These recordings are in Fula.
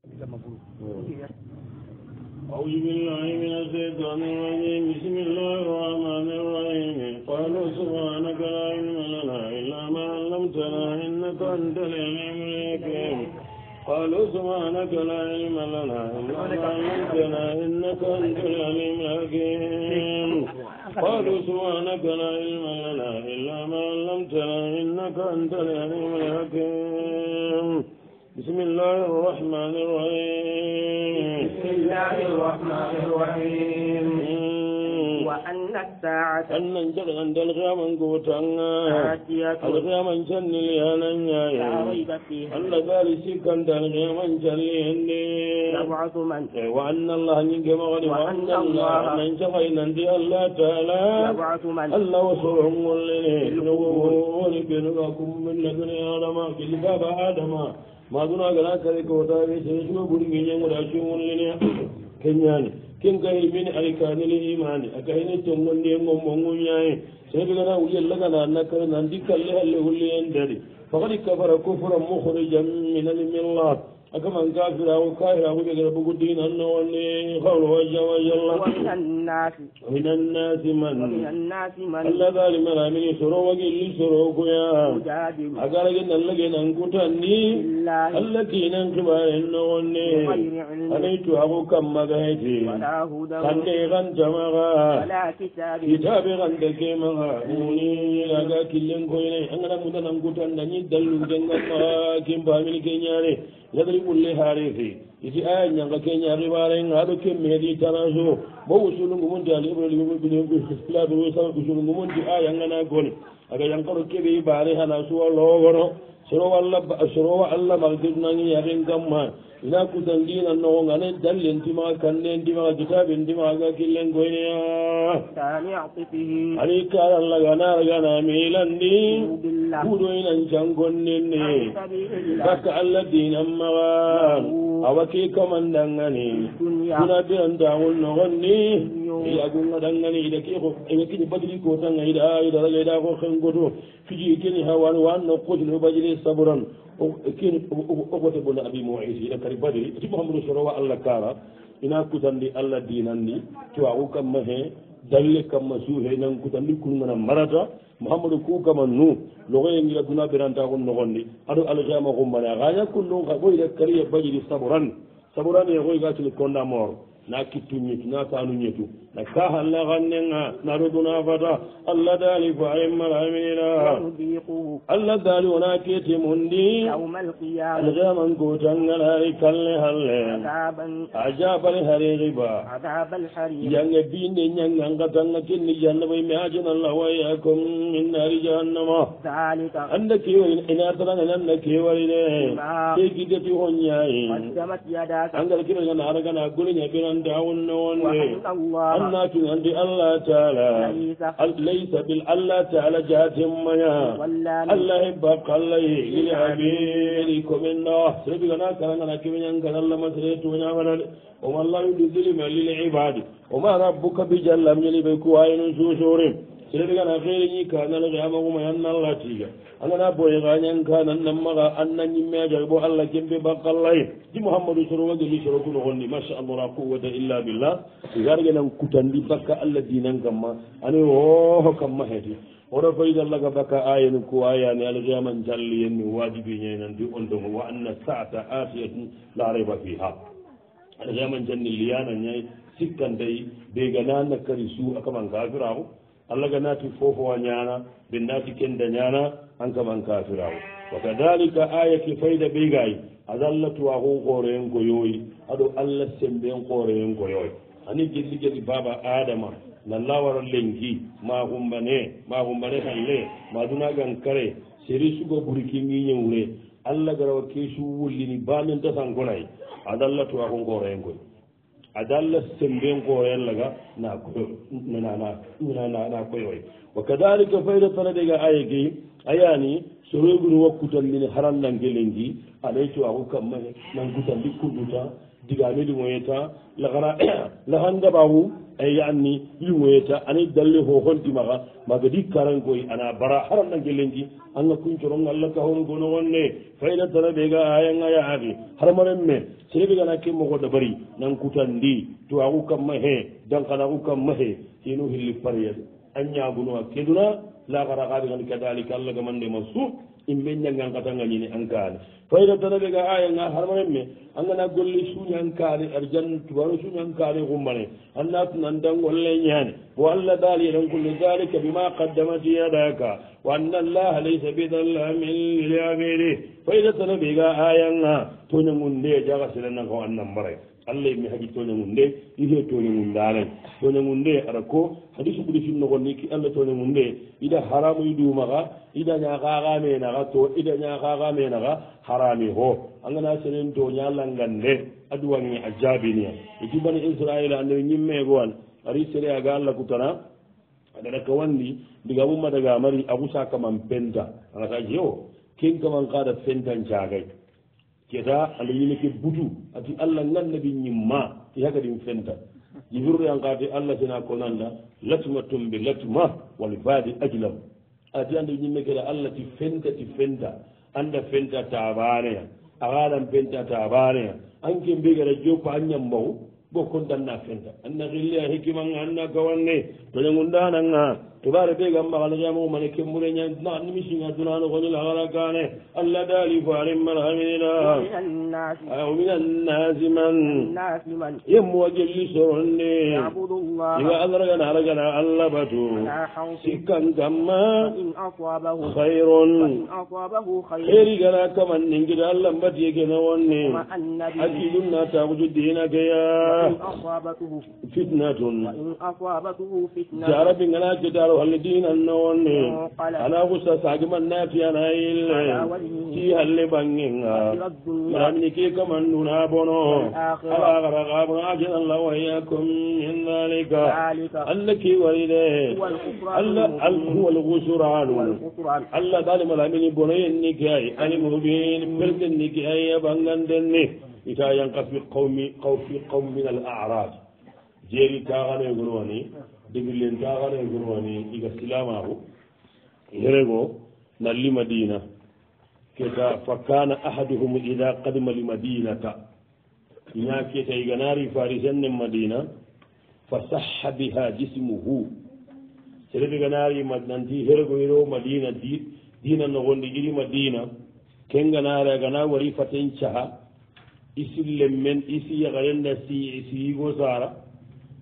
أعوذ بالله من الشيطان الرجيم بسم الله الرحمن الرحيم قالوا سبحانك لا علم لنا إلا ما علمتنا إنك أنت العليم الحكيم قالوا سبحانك لا علم لنا إلا ما علمتنا إنك أنت العليم الحكيم قالوا سبحانك لا علم لنا إلا ما علمتنا إنك أنت العليم الحكيم بسم الله الرحمن الرحيم بسم الله الرحمن الرحيم وأن الساعة أن انجل عند الغيام انقوتنا الغيام انجل ليانا لا ريب فيها أن ذلك كان الغيام انجل نبعث من إيه، وأن الله نجم وأن الله من جغين عند الله تعالى نبعث من الله وصرهم والليل نقول بنقاكم من لدن آدم في الباب آدم maduna gana kare ko ta be se ko buri ngi ngi ngura ci mun ni kenyani kin kai min ay kani le imani aka hin to mon ne mo mo ngunyai se be gana u yella gana na kare nan di kalle halle hulle en dari faqad kafara kufran mukhrijan min al millat akaman kafira ko kafira ko jegere bogo dina no woni qawlu wa jawa jalla minan nasi man alla gali mara min soro wa gilli soro ko ya agara gen alla gen an kutanni alla kinan kibare no woni ani to ago kam maga heti kande gan jamaga kitabe gan de ke maga muni aga killen ko ne an gan mudan an kutan dani dallu gen ma kimba min ke nyare yadri ɓulle harifi isi aya ñanga ke ñaribaren haɗo kemmi heedi tanajo bo usulungumunti ali ibnlabiusama usulungumunti a yangana gon aga yankaro keɓe baare hana suwa logono sorowo allah sorowo allah magdirnagi yaken gamma ina kusan dina nogon ane dalle ntimaga kanne ndimaga kitabe ndimagaga killen goyneya ani karallaga naragana milandi kudo inan cangonnenne gakka allah dinanmaga awake kamandangani kuna biran dagon nogonni yagunga dangani ida keeko ewe kiɗe badiri ko tanga ida a ida raga ida ko hen goto fiji e keni ha wan wan nokkoji no badiri saboran e keni ogote bona abi moisi ida kadi badiri ti mouhamadou sorowa allah kara ina kutandi allah dinandi cuwaku kamma he dalle kamma su he nan kutandi kulgana marata mouhamadou ku kama nu logoye gila duna berantako nogondi aɗo alkiama kumbane a xaña kullung xa ɓoyida kariye badiri saboran saboran e xoy ga sili condamort na kittu ñetu na taanu ñetu na kahalla xannenga na roduna fata allah daali fo ayemmalamina allah daali wona keete mondi alxiyaman kotangalaari kalle halle ajabale xareriba jange binde ñangan xatanga kenni jannabay me ajanallah wayakum min naari jahannama anda kewarin inatarangan anda kewarine ke gidati xoñayi angal kiraganaaragana goleñabenan دعون أنا تنهد الله تعالى ليس بالله تعالى جاتهم يا الله يبقى الله للعبيركم إنه سيبقنا كان أنا كمين أنكنا الله مسريت ونعمل وما الله يدزل من للعباد وما ربك بجل من يلبكوا عين سوسورهم serebe gana xere ñi ka nana xe amaxuma an na la tiga a ngana boye xañang ka nan nan maxa an na ñimme a jaxe bo allah kembe baqallaye di mouhamadou sorowa geli soroku noxondi masa allah la quwata illa billah garegenan cutandi bakka allah dinan kamma ani oxo kamma xeti oro faydallaga bakka ayen ku ayane alxiyaman calliyenni wajibi ñainanti ondongo wa anna saata atiyatun la reba fiha alxiyaman canni liyana ñay sikkan day ɓe ganana kari su a kamanka firaxu allah ga naati fofo a ñaana ɓe naati kennda ñaana an kam an kafirawo wa kadalika ayake fayda ɓeygayi aɗa allah tuwa ko hoore hen ko yooyi aɗo allah semmbe hen hoore hen ko yooy ani gelli geɗi baaba adama na lawara lengki ma humbane ma humbane halle ma dunagan kare seri sugo ɓuri kiñiñewure allah garawa keesu wullini bamen tatan gonay aɗa allah tuwa ko hoore hen koye adalla sembe ko yallaga na koyonana koyoy wa kadalika fayda tana ɗega aya gey ayani so reguni wakkutandini haran nangelengi aɗay cuwako kamma nangutandi kuɗɗuta digamedi moyeta lagana lahan gaɓa fu E yani yumoyeta ani dalle ho honɗi maga magadi karankoy ana bara haran nagelenki anga kuncoron allah ka hono gono wonne fayna tana ɓega ayanga yaaki haramaren me sere ɓegana ke mogo dabari nan kutandi to agu kamma he dankanagu kamma he seno hilli pareyat a ñaguno a keduna lakara kaɓe gani kadalika allah gamandema suu imɓe ñangan katangañini en kaali fayno tanaɓe ga aya nga harmaremme angana golle suuñi en kaali ar jannu tubaro suuñi en kaali humbane annatunanta golle ñaane wo allah daali yeɗen kulle dalika bima qaddamati yadaka wa anna allaha laysa bidallamin liliamiri fayno tanaɓe ga aya nga toñangunde jaga sirenna ko annambare allah mi haɗi toñe mum nde yihe toñe mum ndaaren toñe mum nde ara ko hadi so ɓuri finnogon ni ki allah toñe mum nde ida haramu i duumaxa ida ñaaxaaxa menaxa to ida ñaaxaaxa menaxa harami ho angana senen to ñalangan nde e a duwange a jaabinia e jubani israil ande ñimmeegoan ari sere aga allah kutana aɗaɗa kawandi ndiga ɓumadaga mari a xusa kaman penta anata jeo ken kaman xaada fentan caagay keta ala ñineke butu ati allah ŋannabi ñimma ti hakadin fenta jibirul yankate allah sena konanda latuma tombe latuma wal baadi ajlam ati anda ñimme keta allah ti fenta ti fenta anda fenta tabaneya awaɗan fenta tabaneya anke mbi kata joppa an ñambawu bo kontanna fenta anna xilli a hikimanga anna gawanŋe toñagundananga تبارك بيغا ما قال يا مو ملك مولين نا نمشي نا دنا نو غني لا غلا الله دالي فارم مرحمنا من الناس او من الناس من الناس من يم وجل سرني يعبد الله يا الله رجنا رجنا الله بتو سكن كما ان اصابه خير ان اصابه خير خير جرا كما نجد الله بت يجي نو ني اكيد ما تعوجد هنا يا اصابته فتنه ان اصابته فتنه يا رب انا آه، قال والدين النون أنا غسى ساقم النافي أنا إلا تيها هل بانجين يعني كي كمان دونا بونو ألا غرقاب عاجل الله وياكم من ذلك أنك ولده الله هو الغسران الله ظالم الأمين بني النكاي مبين ملك النكاي بانجان دني إذا ينقص في قوم في قوم من الأعراب جيري تاغاني يقولوني degirlen taxanee gurmani iga silamaaxu yerego na li madina keta fa kana ahaduhum ida kadma li madinata ña keta iganaari farisen ne madina fa saxa biha jismuhu sereb iganaari nanti herego yerewo madina dina noxondi iri madina ken ganaari agana wari faten caha isi lemmen isi yaxarenna siigo saara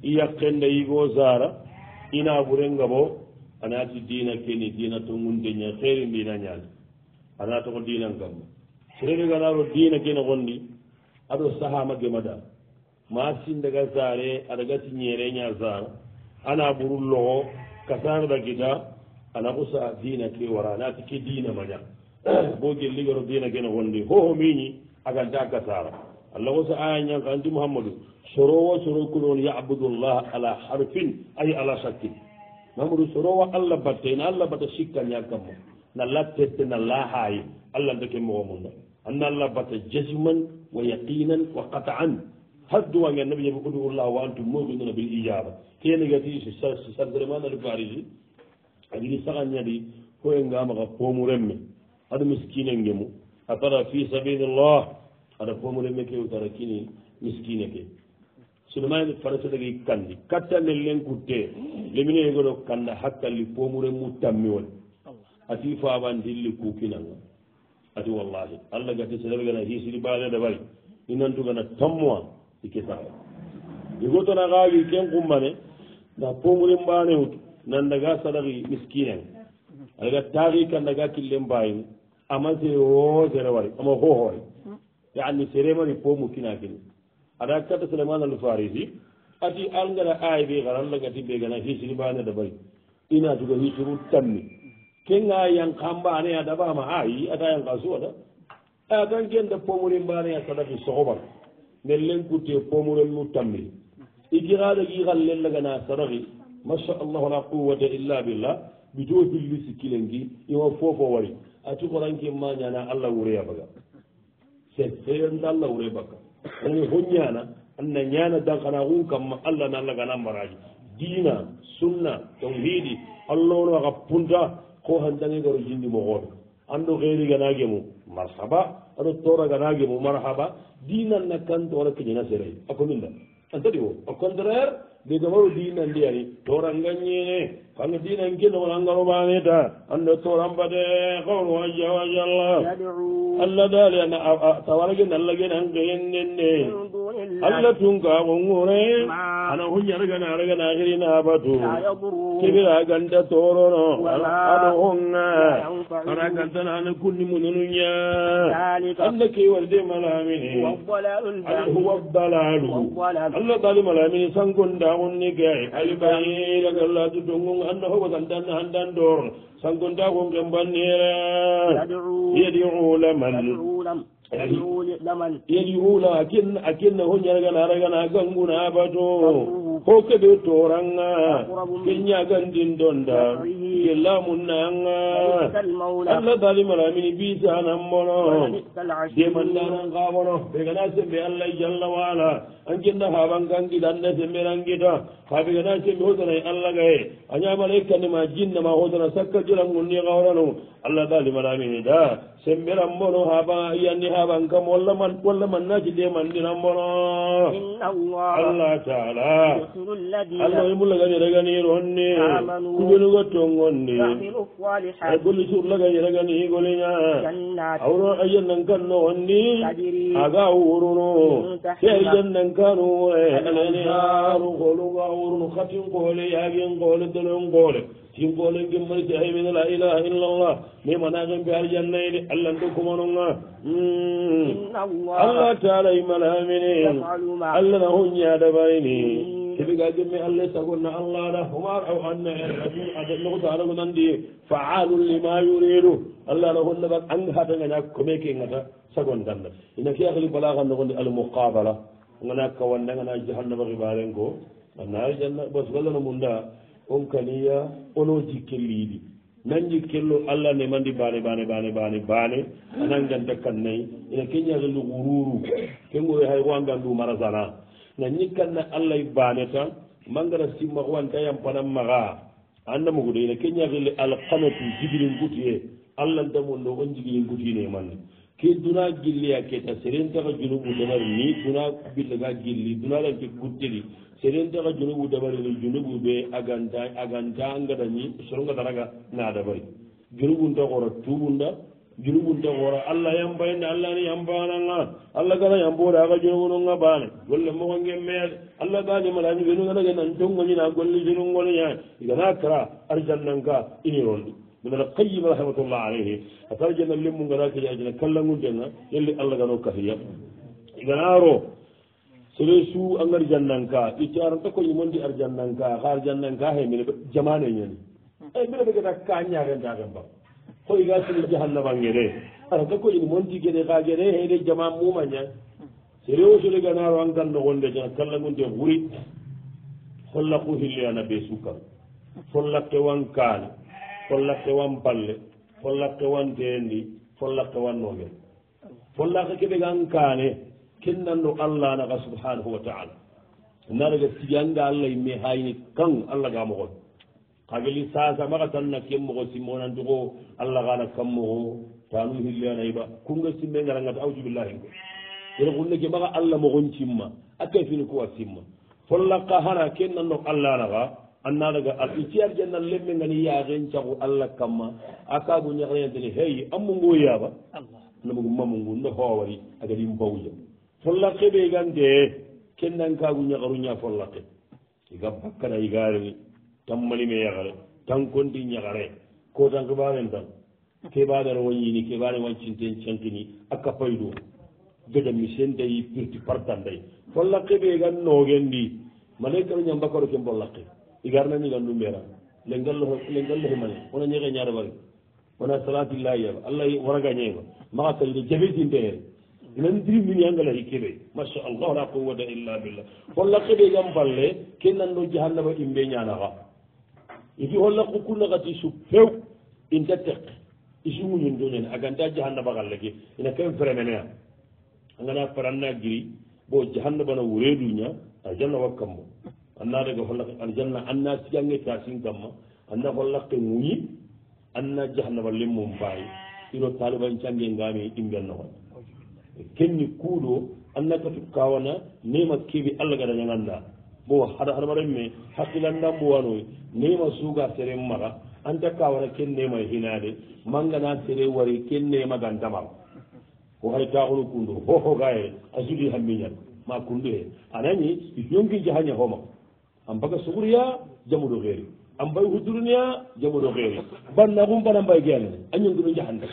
iyakkende yigoo zaara inaa ɓurenga boo a naati diina keni diina to gunde ñe xeeri mbina ñaali a naata ko diina ngamma serege ngana ɗo diina kene gonndi aɗo sahaama gema daa maa sin daga zaare aɗa gati ñeereña zaara ana ɓuru logo kasaana ɗagida ana usa diina ke wara naati ke diina maña boo gelligoro diina kene gonndi hoho miñi aganta kasaara allah ko sa aya ñan ka anti mouhammadou sorowo soro kunon yabudullah ala harfin ay ala sakkin mamadou sorowo allah batte ina allah bata sikka ña kammo nalla tette nalla haayi allah ndeke mowo munda anna allah bata jasman wa yaqinan wa qataan hadduwange annabi jabi udullah wa antum muminuna bil ijaba kenegati sarderemanani parisi aɗiɗi sagañadi koye ngamaga pomurenme aɗa miskine ngemu a tara fi sabilillah aɗa pomurenme kewtara kini miskine ke sinoma ene farasa dagay kandi kattalle lenkutte lemine yegoɗo kanda hakkalli pomure mu tammi wone ati faaba ndilli kukinanga ati wallahi allah gatte sedaɓe gana hisiri baleɗa bari inantugana tommoa ikesa yegotona kaawi ken kummane nda pomure mbane utu nandaga sadaki miskinen aɗaga taaki kandaga killen mbayini ama se o sere wari ama hohoore mm. yaani sere mari pomu kina kini ada katta suleimane al farisi ati algana aye ɓe xa ranlagati ɓe gana hisini mbane dabari ina tuga hisuru tanni kenga yankamba aneya dabama ayi ata yanka suwada a kan kenta pomuri mbaneya sadafi sohobal ne lenkute pomurenu tammi ikixadagi xan lellagana sadafi masha allahu la quwata illa billah bitoo filli sikkilengi ima fofo wari ati xoranke ma ñana allah wure a baga se seyanta allah wure bakka ani ho ñana anna ñana dankana un kamma allah na allah gana maraji dina sunna ton hiiɗi allah ono aka punta ko handange garo jindi mogoɓe ando xeeri ganage mu marhaba ano tora ganage mu marhaba dinanna kantora keñana serey a kominda antaɗi o au contraire de gamaro dinandi ani toranganñene kalo dina en kino wona ngaromanita ande toranmbade kawru aja wa jalla allah dali an tawaragin allah gin an kiyinninne allah tunka kongure ana hunyaragana aragana hirina batu kibira ganda torono ana honga ara gantana ana kunni mununuya anna kewalde malamini ala huwa dalalu allah dali malamini sangonda onni gay alibahi lagalla tutongonga hannde hoko tan dan handan doorno sangonta ko ngembannira yadiu lamanlam yeni wuna a kinna ho ñargana ragana ganguna abato ho keɓe toranga kenña gandin donda ke lamunna anga allah dalimaramini bisanammono demandanan gabono ɓe gana sembe allah jalla wala an kinna haban gangida anna sembe rangita ha ɓe gana sembe hosanay e allah gaye a ñamala ekkandema jinnama hosana sakka jiranguni e gawrano allah dalimaramini da sembiran mbono haba yanni haban kam walla man walla man naji de man dinan mbono allah taala allah yimu laga jere gani ronni kugenu gotto ngonni e golli sur laga jere gani golli nya awro ayen nan kanno onni aga wuruno se ayen nan kanu e nani haru golu ga wuruno khatin gole yagin gole dolon gole jimbole gimmanti haywin la ilaha illa llah mi managan be aljannayde allah ndokkumanonga hmm. allah taala i malaminin allah na hunñadabayni heɓiga hmm. gemme allah sagonna allah ɗa omar aw anna en ai ade nokotaanago nandi faalu lima yuridu allah na hollaɓa anga hata gaña kome kengata sagon danda ina ke ahli balaganogonde almuqabala ngana kawanda ngana jahannaba hibaren ko annaa janna basgallano munda on kaniya ono jikkelliiɗi nan jikkello allah ne mandi baane baane baane baane baane a nanganta kan nayi ene keñaga ndu wuruuru kengoy hay owangandu marasana na ñikkanna allah baane tan mangara simma owanta yam panan maxa andamogude ene keñagelle alkanatu jibilinkuti e allahntamonno on jibilinkutiine mande ke duna gilli a keta serentaxa junubu dabari ni duna billaga gilli duna lanke kuttiri serentaxa junubu dabarini junubu be aganta aganta angadañi sorongataraga na dabari junubunta xora tubunda junubunta xora allah yambayinda allah ni yambananga allah gana yamboode axa junubunonga baane golle moxonge meere allah ganimalañi wenu gana ge nan tongoñina golle junungoleña igana kara arjannanka inironɗi ibne alqayim rahimatullah alayhi atara jenna lemmu ngaraki ajana kallagudenga yalli allah gano kahiya iganaro sere su angar jannanka itti aran ɗo koyimondi ar jannanka haar jannanka he mine jamane ñani ey mbira ɓegeta ka ñaarendaren ba koy ga sene jahannabangede aran ɗo koyin mondi gede ka gede heyde jama mumaña sereo sore ganaro an gando gonde jana kallagunde wuri holla ku hilli ana be sukar follakke wan kaane follakke wan balle follakke wan deendi follakke wan nogel follakke keɓe gan kaane kennanno allah naga subhanahu wa taala naraga sigannga allah imme hayni kan allah ga mogon kageli sasa maga tanna ke mogo simonanduko allah gana kam mogo tanu hilleanayiba kunga simme ngarangata audubillahi go ere kunneke maga allah mogon cimma akkay fini kuwa simma follakka hana kennanno allah naga annaɗaga a ɓicciyar jannat lemme gani yaaken cagu allah kamma a kaagu ñaxanentene hey anmu ngo yaaba namugu mamu ngu nde howari agadi mbawjam follakke ɓe gande kennan kaagu ñaxaru ña follakke iga bakkata igaarini tan malime yaxare tan konti ñaxare ko tan xibaren tan keɓaagara wañini keɓaani wancinten cengini a kapaydu gada misentayi pirti partanday follakke ɓe gan noogen ndi malekaru ñambakaru ke mbollakke igarnani gan ɗum ɓeera lengalloho lengalloho mane wona ñeehe ñaare wari wona salatullahi yaba allah waraga ñeeba maxa salide jabetinte hen inandiri min yangala hikkeɓe e machallah la quwata illa billah holla keɓe gam balle ke nanno jahannaba imɓe ñanaxa idi holla kukunakati su few inta tek isuguñun dunen a ganta jahannaba xalle ke ina ken fremenea a ngana faranna giri bo jahannaba na wuree duña a jannawa kammo anna daga hollaka aljanna anna siyange tasin gamma anna hollakke muñi anna jahannama lemmum mbaye iro taliban cange ngami imbenno wa e kenni kuuɗo anna katu kawana nema keeɓi allah gada ñaganda bo haɗa haɗamaɗanme hakkilanda mbowanoy nema suga sere mara anta kawana ken nema hinade mangana sere wari ken nema gantamam ko hay taxunu kundo hoho gaye a sudi hammiñat ma kundu he anani yongi jahaña homa ambaga sugurya jamuɗo xeeri ambay hudurniya jamuɗo xeeri bannaxum bana mbay geene a ñongino njaxande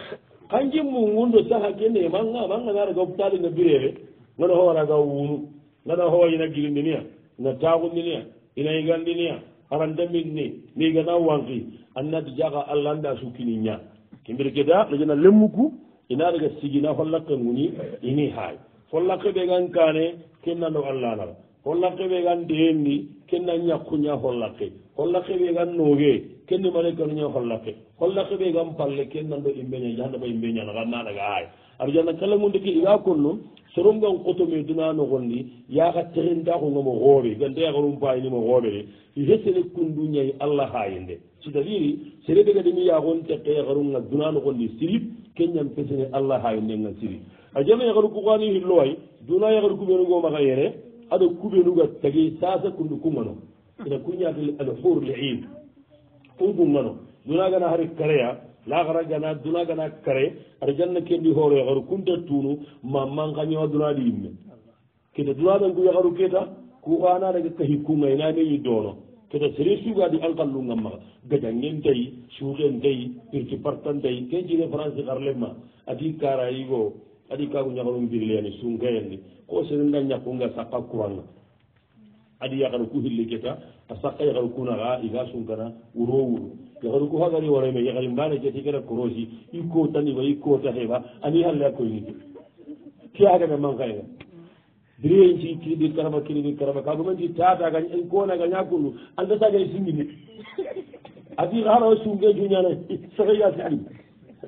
xanji mungundo saha kene manga mangana raga taalinga bireere ngana xowa raga wunu ngana xowa ina girindinia na taaxundinia ina yigandinia arandamin ni nigana wanki annati jaxa allah anda sukkini ña kimbir keda lajana lemmuku ina raga sigina follaqe nguni ini xaay follaqe ɓegan kaane kennano allah nara follaqe ɓegan deen ni kenna ñakkuña hollake hollakeɓe gan nooge kenne malaikanuña hollake hollakeɓe gan palle kennan ɗo imbeña jahannaba imbeñanaganaɗaga ay arjanna kala mu ndeke iga konno sorom gan kotome duna nogondi yaaka terindakongamo hoore gandeyakarum payinimo hoorere hesene kundu ñayi allah hayinde c'est à dire sereɓe gadimi yagon teke yakarunga duna nogondi sirip kenñan pesene allah hayindenga siri arjanna yakaru kuganihilloway duna yakaru kuɓenugo maga yere aɗo kuɓenuga tagi sasa kundu kummano ina kuñatel alhur lihim ungummano dunagana hari kareya lahara gana dunagana kare ar janna kendi hooro yaharu kunta tunu ma mankañowa dunaɗi yimme kete dunaɗangu yaharu keta kuxanaɗaga kahi kunga inaneyi doono kete sere sugadi anqallunga maxa gajangen tayi suxen tayi irti partan tayi ke jine france xarlema ati karayigo adi kaku ñakarum birleyani sunkayandi ko sene da ñakkunga sakka kuranga adi yakaru ku hilli keta a sakka yakaru kunaxa iga sunkana wuro wuro yakaru ku hagari warayme yakari mbane keti kata korosi i kotaniba i kota heɓa ani halle a koyinike ke agana manxayega direnci kiɗi karaba kiɗi karaba kagumenti tataga konaga ñakundu andatagay singini adi xaro sunke juñana saxega sali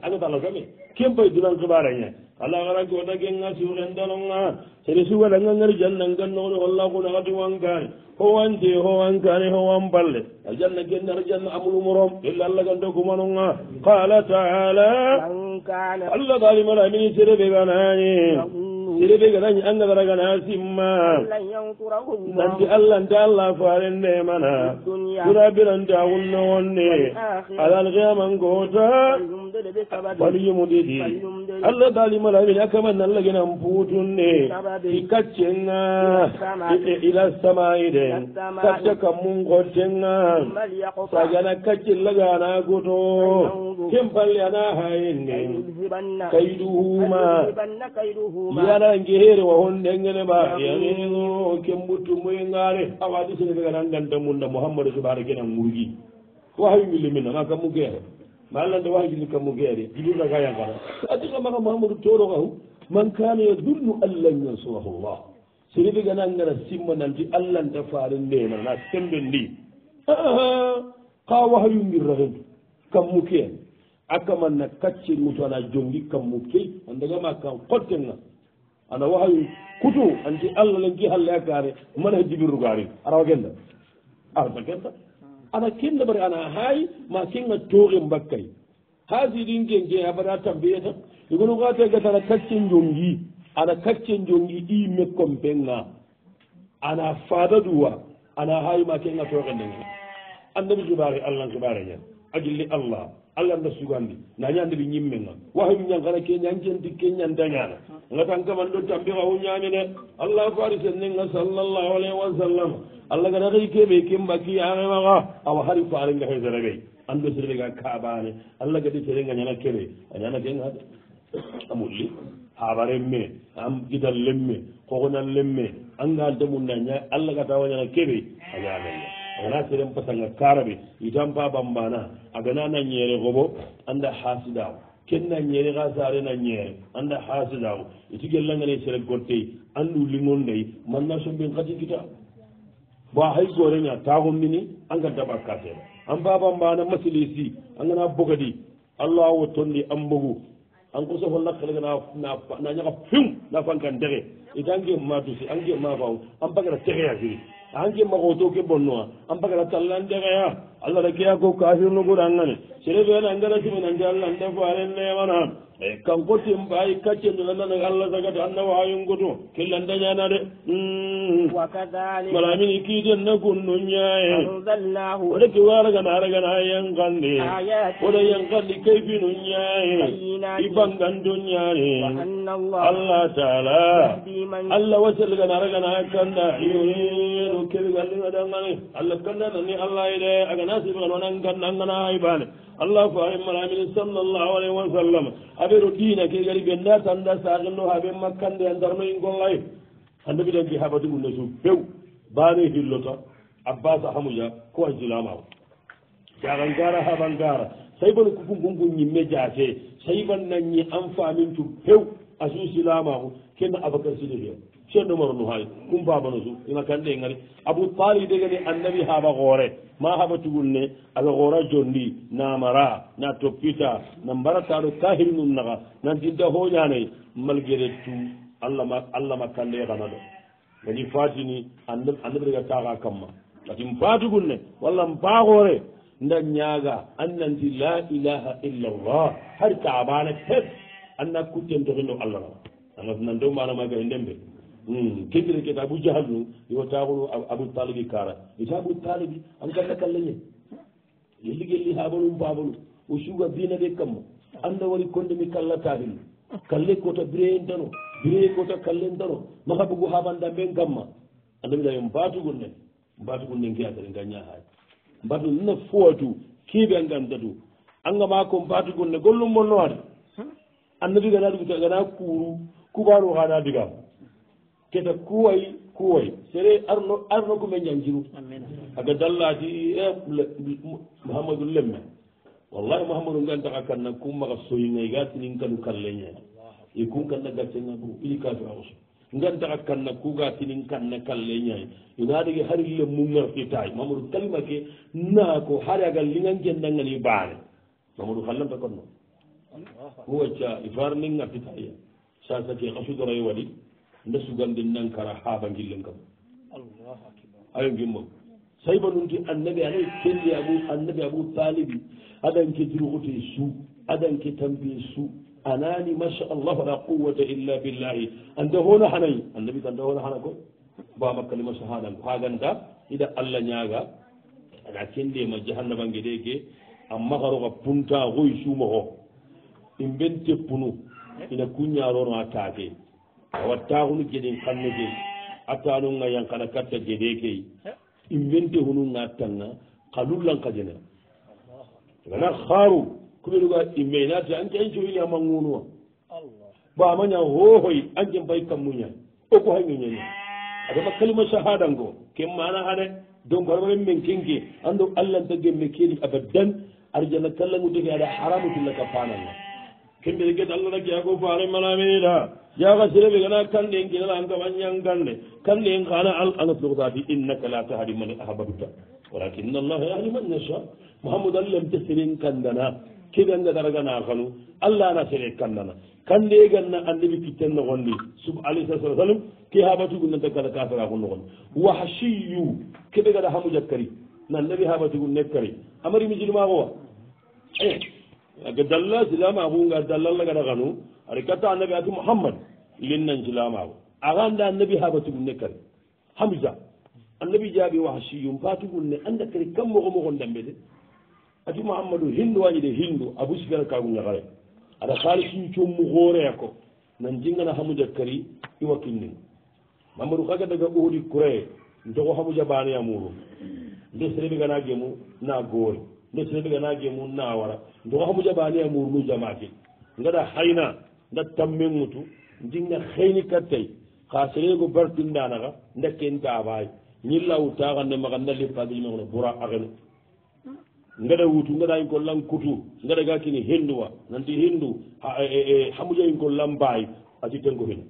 angatala same kempay dunan xibaraña ala gara gota genga surendalonga sere suwadanga ngar jannangannoole holla kuna kati wankane ho wante ho wankane ho wan balle al janna genna ar janna amulumorom ella allah gando kumanonga qala taala allah taalimala mini sere ɓe ganani sere ɓe ganani anga gara gana simma nanti allah nta allah faren ndemana dura birante a wunna wonde alal geaman gota waliyumude di allah daalimalamin akamani allah genan putunne i kaccenga ila samayide kacca kammun gontenga saji ana kaccillaga ana goto ken palle ana hayinne kayduhuma yalange heere wa hondengeneba yaneno ken buttumoye ngaare awadisene kaga nangantamunda mouhammadou soubara genan ngurgi wahayumillimin ana kammu geere ma allah nde wawi jinni kammo geere jiɗuna gayangala addiga maka mahamadou toro ka hu man kana yo durnu allah yansurahu llah so rewi gana gara simma nanti allahnta faare ndena na sembe ndi ka wahayungirra hen kammu ke en akamanna kacce ngutu ana jongi kammu ke andagama kan qottenga ana wahayu kutu anti allah len gi halla yakare mana jibirrugaari arawa genda arawa genda ana kinna bara ana haayi ma kinga tooxin bakkay haa siɗin genge a bara tambiye tan igono xaate gata ana kacce njongi ana kacce njongi i mekkom penga ana faada duwa ana haayi ma kinga tooxe ndenga annabi xibaare allan xibaare ñan a gilli allah allah nda sugandi nañandiɓe ñimmen ga wahimi ñangana ke ñancenti ke ñandañana nga tan kaman ɗo tambiha o ñamine allah fari sennenga sallllahu alayhi wa sallam allah gada xey keɓe kembaki axemaxa awa hari farenga xeserewe ando serewega kabane allah gadi terenga ñana keɓe a ñana kenga de amulli habarenme am gidal lemme xoxonan lemme anga demunna allah gatawa ñana keɓe a ñamenga wona seren pasanga karaɓe itan pabambana agana nañere xobo anda hasidao ken na ñere xa sare na ñere anda hasidao iti gellangane sere gortey andu limon ndey manna sombin xati kita bo axay gorenga taxommini a nga daɓa kasere an babambana masile si a ngana bogadi allah wo tondi an mbogu an kosofo lakxelega na ñaxa fim na fankan dexe itan ge matusi an ge mafaw an bagata texe a siri hanke makoto ke bonnoa an bagara tallandegaya allah da keya ko kafir nogoda ngane serebe na ngara simi nanje allah nde fo arenne manam eyi eh, kanko si mbawi kaccel annana allah sagata anna wawingoto killan dañana de hmm. wala mini kiiden nagun no ñaye oɗeke waragana aragana ha yenkandi oɗo yenkandi kayfi no ñaye i bangan do ñaye allah taala allah wasirgana aragana ha kanda iyoeno kebigalliwaɗangani allah kandanani allah yi de agana sibgan wanan kanda angana ha ibane allah fo ahimmaramini sallllahu alayhi wa sallam aɓe ɗo diina ke gari ɓe ndatanda sahillo ha ɓe makkande andarno ingolla en hande mbiɗen ki habadi ɗum nasu few bane hillota abbasa hamuja ko asilama o jarangara habangara saybano kokugungu ñimme jaase sayban nañi en famin tu few asu silamaku kenna abakarsine fiya ceerno maronu hay kum bamano su ina kanɗe gari abou talide gani annabi haaba koore ma haɓatugol ne aɓe xoora jondi na mara na toppita na mbarataɗo kahirnum naxa na dinta hoƴanay malgré tu allahma allahma kande xana ɗo gadi fatini anda ɓrega taxa kamma ati m fatugol ne walla m paxoore nda ñaaga annanti la ilaha illa llah har taabane pep anna kutten toxino allah naxa anga nan do manamagay ndembe Hmm. kebire ke ta abou diahal nu yo taxunu abou talibi kara ita abou talibi an ka sakal leñe ye ligelli habanum babanu o suga bina ɓe kamma anda wari konde mi kalla tafil kalle kota bire en tano bire kota kalle en tano maxa bugu habanda ɓen kamma andamida yo mbatugunne mbatugunne ke akare gaña ha mbatu na fowatu keɓe an gandatu angama ko mbatugunne gollum monno ade annabi gana ɗugta gana kuru kubanu hana digam keta kuway kuway sere arno arno kume ñanjiru aga dallati e mouhamadou lemme wallahi mouhamadou ngantaxa kanna kum maxa soyingay ga tinin kanu kalle ñeena i kun kanna gaccenga du ili kafiraxoso ngantaxa kanna kuga tinin kanna kalle ñaay ina dege hari lemmu ngarfitaay mamadou kalima ke naako hari aga lingan kendangani baane mamadou xallanta konno ku wacca ifarni ngartitaya sasake xa sudoray waɗi ndesugande nankara haaba gillen kam ayo gimmam sayba ɗumti annabi aɗa telli abu annabi abou talibi aɗan kedirgote suu aɗan ke tambi e suu anani machallah la quwata illa billahi ande hono hanayi annabi ko ande hono hana ko bama kalima sahaɗan haganta iɗa allah ñaaga aɗa kendi ma jahannabange ɗe ke amma karoka punta koye suumoko imben teppunu ina kuñaroono a taake wattaxunu geɗen xanna ke attanunga yankana katta geɗe ke invente hununga tanga xalullan xajena gana xaru kuɓenuga imenati anke an cowi ñama ngunuwa bamaña hohoy anken pay kammuña o ko hayñoñaña adama kalima sahadanko ke mana xane donc adama ɓen men kenke ando allahnta gemme keni abaddan arjana kallangu deke aɗa haramu tillaka fananga kemɓeɗe get allah nake yako faremalamina yaga sirebe gana kande en gelala anga wanyangande kande en kana al anga tlo ta fi innaka la tahdi man ahbabta walakin allah yahdi man yasha muhammad allam tesirin kandana kidanga daragana kanu allah na sire kandana kande ganna andibi kitten no gondi sub ali sallallahu alaihi wasallam ki habatu gunna ta kala kafara gun no gon wahshiyu kibe gada hamu jakkari nan nabi habatu gun nekkari amari mijilma go eh gadalla silama hunga dalalla gada kanu ar katta annabi ati mouhammad lin nancilamago aganda annabi habatugunne kare hamsa annabi jaabi wahasiyum patugunne anda kare kam mogo mogon dambede ati mouhammadu hindu wañide hindu abou sufiane kagunga xare ada xaalisiñu commu xooreya ko nan jingana hamuja kari iwa kinnin mamadu xaga daga ohudi kuree ntoxo hamuja baaneya muru nde serebegana gemu na goore nde serebegana gemu na wara ntoxo hamuja baaneya muru nu jamaake ngada xayna nda tammenŋutu ndinga xeyni kattay xa serego bartindanaxa nda kentabaay ñilla wutaxanne maxa nda lippadimeono bura axenu ngeɗa wutu ngeɗain ko lan kutu ngeɗaga kini hinduwa nanti hindu xa e, e, e, muƴain ko lan baay ati tengo hin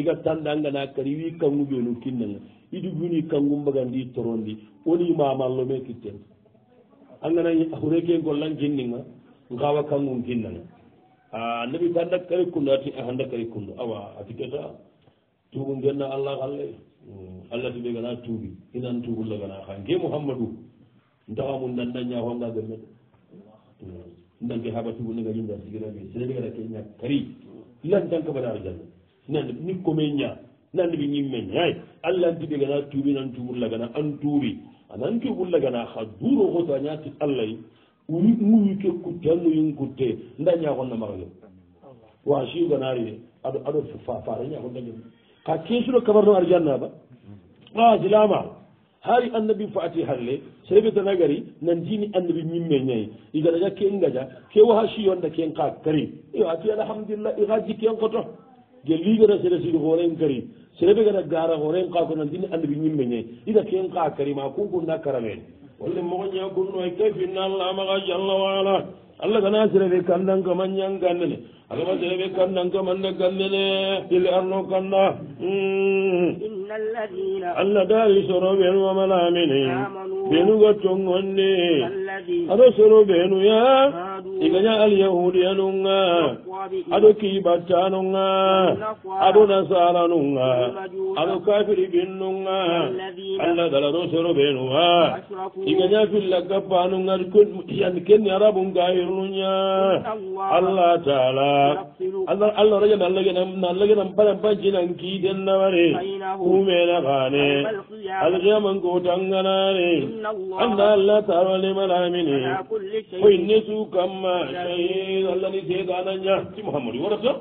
iga tandangana kadi wi kangu ɓenu kinnanga idu guni kangu mbagandi torondi woni mamallo me kitten angana aureken ko lan kinninga nxawa kangun kinnanga a nabi bannda kare kundo ati ahannda kare kundo awa akiteta tuubu genna allah halle mm, allah tiɓe gana tuubi inan tuubulla gana ha nge mouhammadou ndawa mum nanna ñawonga gemmeɗo mm, ndanke haɓa tuubu ne gañumda sigirae sedeɓe gara keña kari lan tanke baɗaro jalle nan ni kome ña nanne ɓe ñimme ñay allah anti ɓe gana tuubi nan tuubulla gana an tuubi anan tuubulla gana ha duuro hoto a ñati allahy muñike kutte muñin kutte nda ñagonna maxoyo wa sigonari aɗo aɗo fare ñagonnañom ka kesuro kabarno arjannaba asilama hari annabi faati halle serebetana gari nandini annabi ñimme ñayi i gadaja ke ngaja ke waha siyonda ken ka kari iyo ati alhamdulillah i xaji ken koto geligara sere sid horen kari serebe gara gara horen ka ko nandini annabi ñimme ñayi iga ken ka kari ma kunkunda karameni wolle moxo ñakunnoy e kayfinna allah maxa jalla waala allah gana sereve kandankama ñangannene agama sereve kandankamanne gannene ile arno kanna hmm. allah dari soro ɓenu a malamini ɓenuga tongonni aɗo soro ɓenuya igaña alyahudi anunga aɗo kiibattanunga aɗo nasaranunga aɗo kafiri binnunga allah dalaroseno ɓenuwa igaña filla gappanunga kenni arabun gairununya allah taala allah raja nallagenan bana bajinan kiidennaware umena kane alkiyaman kotanganane anna allah taala lemalamine ko inne su kamma shahid allah ni seedananya ti muhammadu warata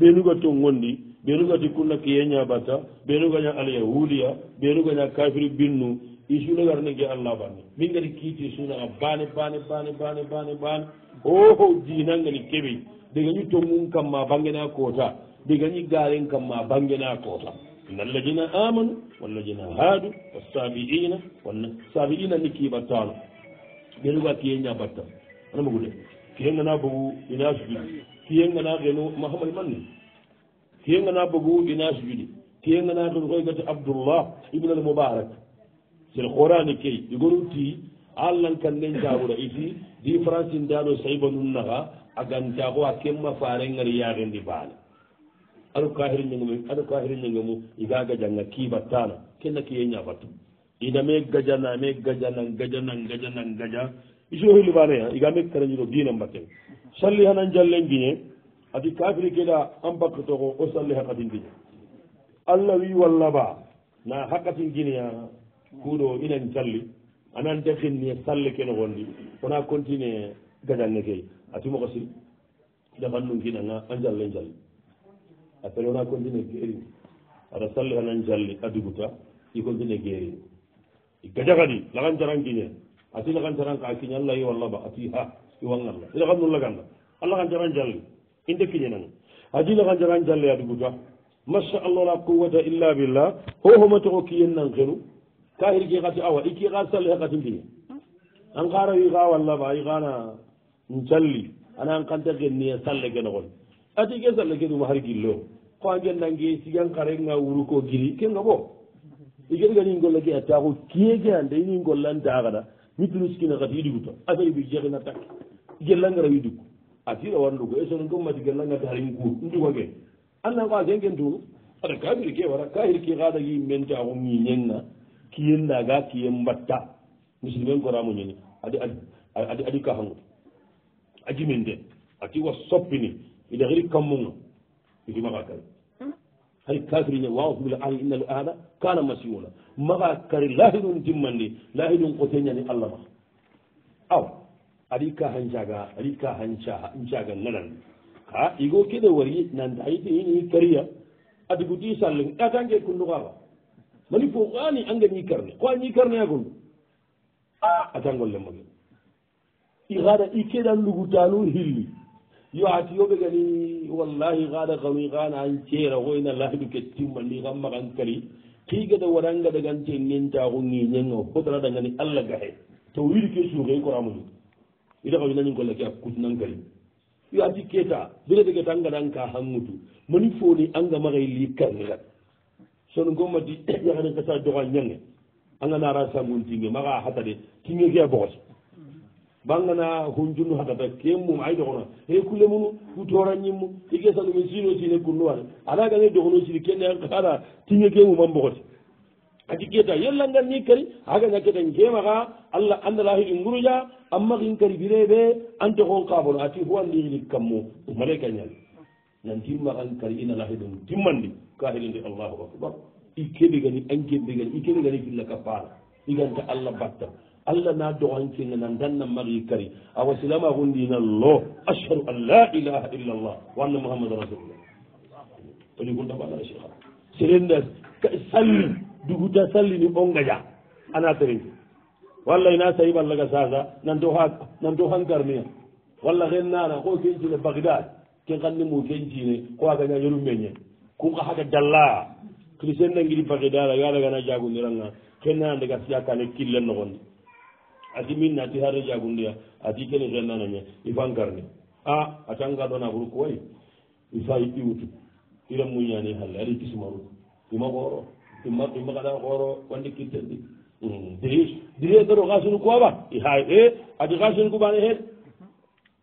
ɓeenugati on gonndi ɓeenugati kunnaki yeñabata ɓeenugaña alyahudiya ɓeenugaña kafiri binnu i suunagar nege allah banni min gadi kiiti suunaga baane baane baane baane baane baane oho diinangani keɓi degañi tongun kam ma bangena koota degañi gaaren kam ma bangena koota min alladina amanu wallagina haadu wasabiina sabiina ni kiiɓattaano ɓeenugaki yeñabatta anamagude kiyenganaa bogu ina sujud tiyengana geno mahamay manni tiyengana bogu ina sujudi tiyengana geno koygata abdoullah ibn al moubarak sen korani key igoruti e allankan nen jaɓura isi différence indaɗo sayba num naha a gantako a kemma farengari yaxendi baale aɗo kahir ñengemu aɗo kahir ñengemu iga gajanga kibattana kenna kiye ñafattu ina me gajana me gajana gajana gajana gaja isoxilibaneya igame karañiro dinambatteng salli hanan jallen gine ati kafiri keda an bakkatoko o salli hakatin gine allah wi wallaba na hakatin gineya kuɗo inan salli anan dekinniye salli ke nogondi wona continue gadanŋe key ati moxa si dafan nun kinanga an jallen jalli après wona continue geerin ata salli hanan jalli a duguta i continue geerin gadakadi lakan jaran kine ati lakan jaran ka kiñe allah yi wallaba ati ha iwangal la ila xamnu laganda allah xan jaran jalli in de kiñe nanga adina xan jaran jalle adugu ga masa allah la quwata illa billah hoxomatoxo kiyen nan xenu ka xir ki xati awa iki xa sale xati mbine an xa rawi xa walla ba i xana um calli ana an xante xennie salle ke noxon ati ke salle ke duma xar gillo xo angen nange sigan xare nga wuru ko giri ke nga bo i ge gani ngolla ke a taxu kie ke ande ini ngollantaxana mitruskina xati i ɗiguta affaire bi jexina tak gellangara widugu a tira warndugo e sono gommati gellangarde haray guur ndugo ke annan ko asen ken tuuru aɗa kabiri ke wara kahir ki haadaki mbentaako ñiñenga kiyendaga kiyen mbatta musilmen koramo ñani adi adi adi kahangudi a jimin de ati wa soppini ida xiri kammunga iti maxa kari hay kafiri ña waxo fugla ala innal aada kana masiuna maxa kari lahidun timmandi lahidun qote ñani allah maxa aw aɗa ikka han jaga aɗa ikka han caha n caga nanan ka igo keɗe wari nande hayde ini karia ada go ɗisalle ɗatange kunnugaba mani fo ani anga ñikarne ko a ñikarne agondu a atangolle mage ihaɗa ikeɗa lugutanu hilli yo ati yoɓe gani wallahi gaɗa kami gana an cera hoyna laaɗu ke timmalli kam makan kari kigeɗa waɗangaɗagan te nentago ñiñenga fotaraɗagani allah gahe taw riɗi ke suke koramuju ida ko nañin golle ke a kutnankari yo ati keta bilete keta angadan ka hangutu mani foni anga maxay li kangrat sono gomati yaxanen kasa doxa ñange anga nara sangun tinge maxa xatade tinge ke a boxos bangana hunjunu hatata ke mum ay doxona e kulemunu ku toranñimmu ike sanume sino sine kunnuware ana gane doxono sini kene kaxana tinge ke mum a mboxote haki geeta yellal ngal ni kadi haga ñakketa jeemaka allah andala hiɗi nguruja amma hin kadi bire ɓe ante hon kaabono ati fo andi hiɗi kammu malaika ñal nan timma kan kadi inala hiɗum timmandi ka hiɗinde allahu akbar i keɓigani an keɓigani i keɓigani filla ka paala iganta allah batta allah na doxankenga nan danna mari kari awa silama hundina lo ashhadu an la ilaha illa llah wa anna muhammadan rasulullah oni gunta ba ala sheikha serenda salli duguta sallini ɓongaƴa ana tarin wallay na sayib allaga sasa nanto ha nanto hankarmiya walla xen nana ko ke cine bagdad ke xanni mu ken cine ko agaña yonu meñe kum xa xaga dallaa christien nangidi bagdad a garagana jagundiranga kenna ndega yakane killen noxonde ati min na ti hare jagundiya ati kene xen nanañe ifankarni a atangardona xuruk way isa yiɓɓi wutu iren muñane xalle ari kismaru ima xooro ɗum marɗum mo gaɗa hooro wonde kirten ɗi dirige mm. dirige kadi o hasunu kuwaɓa i hay e adi hasunu kuɓane heen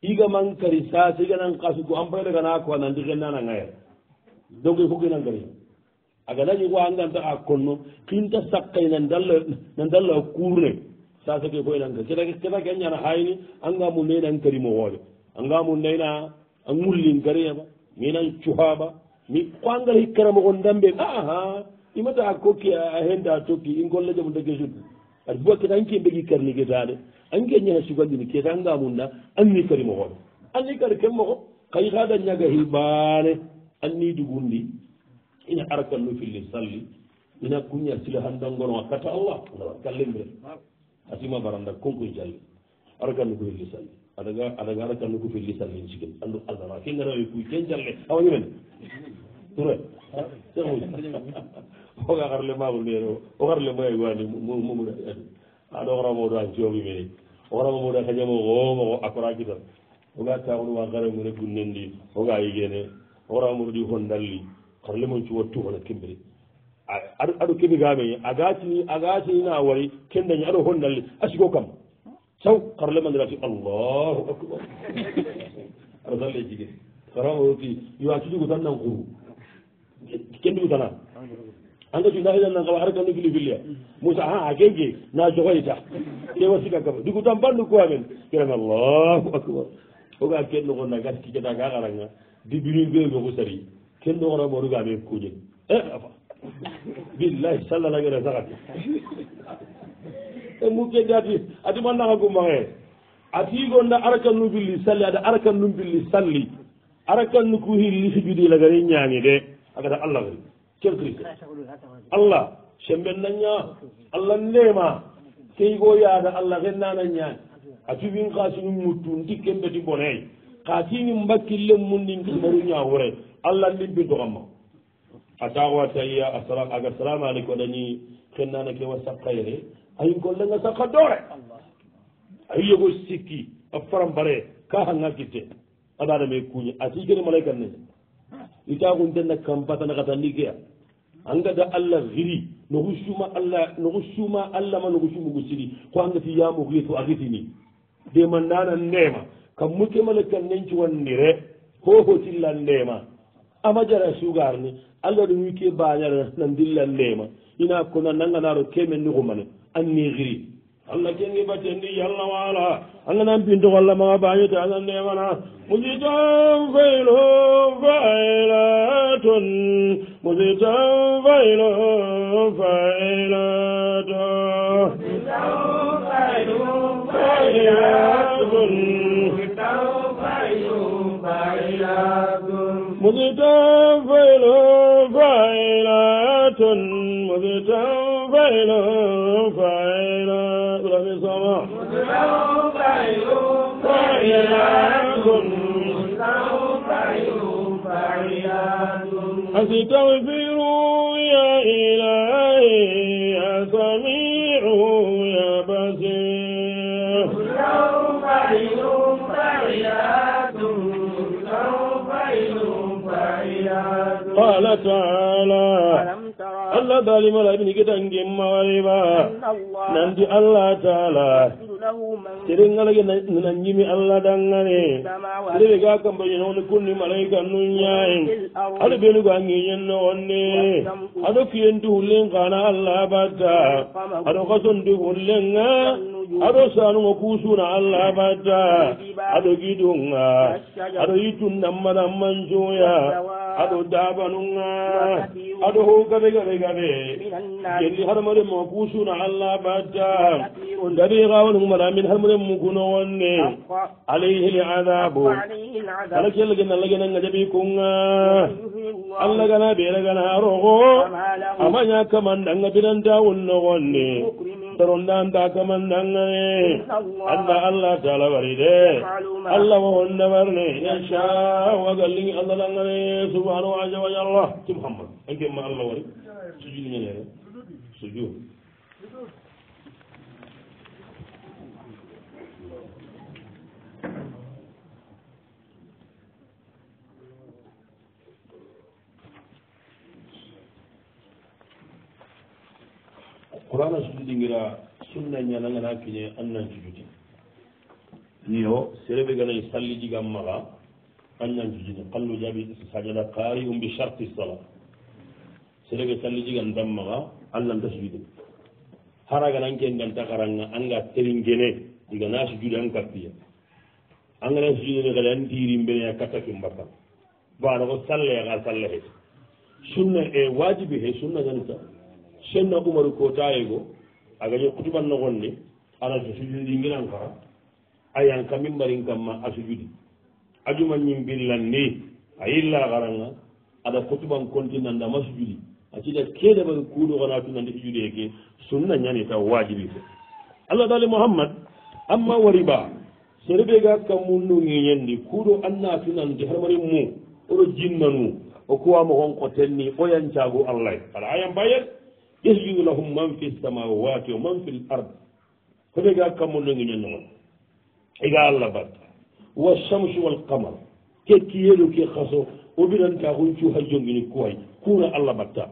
iga man kadi sa siga nan hasugu employé gana ko nandi hennanangayer donc e il faut que nankadi aganañi waganta a konno kinta sakkay na dalla na dalla kurne sa sake foy nankadi ketake ketake ñana hayni angamu naynan kadi mo wooɗe angamu nayna a ngullin kadi eɓa minan cuhaɓa mi kwangal hikkara mogon dambe aa imata a kokki a henda tokki in golle jamo dagesude ati bowakket anke mbegi karni guetade anke ñaha sukaɗini keta ngamunna anni kari mohoɗo anni kari ken moho kay hada ñaga hibane anni dugundi ina arakan no filli salli ina kuña sila handangono akata allah kallemre atima baranda konko jalli arakan no ko filli salli adaga adaga arakan no ko filli salli cigel andu allahra kengarawe kuy ken jalle awañumen ture oga xarle maago neeno o xarle ma wani mumu a ɗoxoramoodo an coogi mene oxorama mooda xaƴamo xoomoxo a koraakitan oga taxunuwa xarengune gun nen ndi oga yigene oxorama mooɗo ɗi xondalli xarle mon cuwa tuxona kemmbere aɗo keɓi gaame agatini agatinina wari kendañi aɗo xondalli a sigo kam saw xarle mandirati allahu acbar aɗo salle jige xorama mooɗo ti yowa cuɗigutan nan xuru ken ndigutana angati na ila nanga waxrek no fili filia musa aa kege na joxoyta kewa siga kafa dugu tam bandu quoi men kiran allahu akbar oga ken noxona gat kiketa ka xaranga dibinu be mogu sari ken noxona moruga me kuñen e eh, afa billahi sallalangere saxati eh, mu ke ati ati mannaxa gumaxe ati gonda arakan nu billi salli ada arakan nu billi salli arakan nu ku xilli sujudi lagani ñaani de a gata allah gari kefrite allah semben nañña allah nema key go yaada allah ken nana ñaani a tubin ka sinum muttu ndikken ɓeti bonay ka sini mbakkillen mundin timaru ñawore allah limbintoxamma a taxowatayya asalam aga salamu aleykum aɗani ken nana ke wa saqayere ayin kollenga saqa doore ayi yego sikki a farambare ka hanga kitte aɗaɗame kuñe a sikene malaykat nañe itaxunten na kampatanaxatandikeya angada allah xiri noxu suma alla noxu suma allah ma noxu sumugu siri ko angati yamoxu yetu axitini dema nana ndeema kam mukemaleka nencuwan nire hohotilla ndeema ama jara sugarni allah ɗo wike baña nandilla ndeema ina kona nanganaro kemen nixumane an ni xiri allah kengi battendi yallah waala anga nan pintogolla maga bañote anan ndemana musitan faylo faylatun musitan faylo faylato musitan faylo faylatun musitan mi sọmọ. أستغفر يا إلهي يا سميع يا بصير سوف فعيات سوف فعيات قال تعالى allah baalimola ɓini gitange mawayba nandi allah taala sereŋalage nana ñimi allah daŋŋane sereɓe ga kambañeno wone kunni malayika nunñayi aɗo ɓenugo a ŋeñenno onne aɗo kuyentu hullen kana allah batta aɗo kasondi hullenga aɗo sanugo kusuna allah abada aɗo giɗunga aɗo yittum nammanamman joya aɗo dabanunga aɗo ho gaɓe gaɓe gaɓe gelli harmaremo kusuna allah abada o dari gawanumaramin harmaren mukuno wonne alayhil adabu ala kellagen allah genanga jaɓi kunga allah gana ɓeragana rogo amaña kamandanga biranda wonno wonne ronda kaman dangane anda allah taala wari de allah wa wonda warne insha wa galli allah dangane subhanahu wa ta'ala ci muhammad en ma allah wari sujudi ni ne sujudi qur'ana sujudingira sunna ñanangana kiñe an nan cujudi niyo sereɓe ganayi salli jigan maxa an nan cujudi qallu jaɓi sajada qari um bi charti sala sereɓe salli jigan dan maxa an nanta sujudi hara ganan ke nganta xaranga anga teringene digana sujudi an kartiya angana sujudini xele an tirimbeneya katta cumbakka bo anoxo salle xa salle he sunna e wajibi he sunna ganita senna umaru ko taayego agaño kutuman nogon ni ala so sujudi ngilan kara ayan ka min marin kam ma a sujudi ajuma ñin billan ni a yilla karanga aɗa kutuman continanda ma sujudi acida kedabari kuɗogona tunandi sujudee ke sunna ñani taw wajibi fe allah taali mouhammad amma wa riba sereɓe ga kam mundu ngiñandi kuɗo anna tunandi haɗamarin mu oɗo jinnanu o kuwamogon ko tenni oyancago allah aɗa ayan bayet isiu lahum man fi lsamawati o man fi l ard hoɓe ga kammonogi ñonnogon iga allah barta wa lchamsu wa lkamar ke kiyelu ke haso o ɓiranta hun cuha jongini kuway kuna allah batta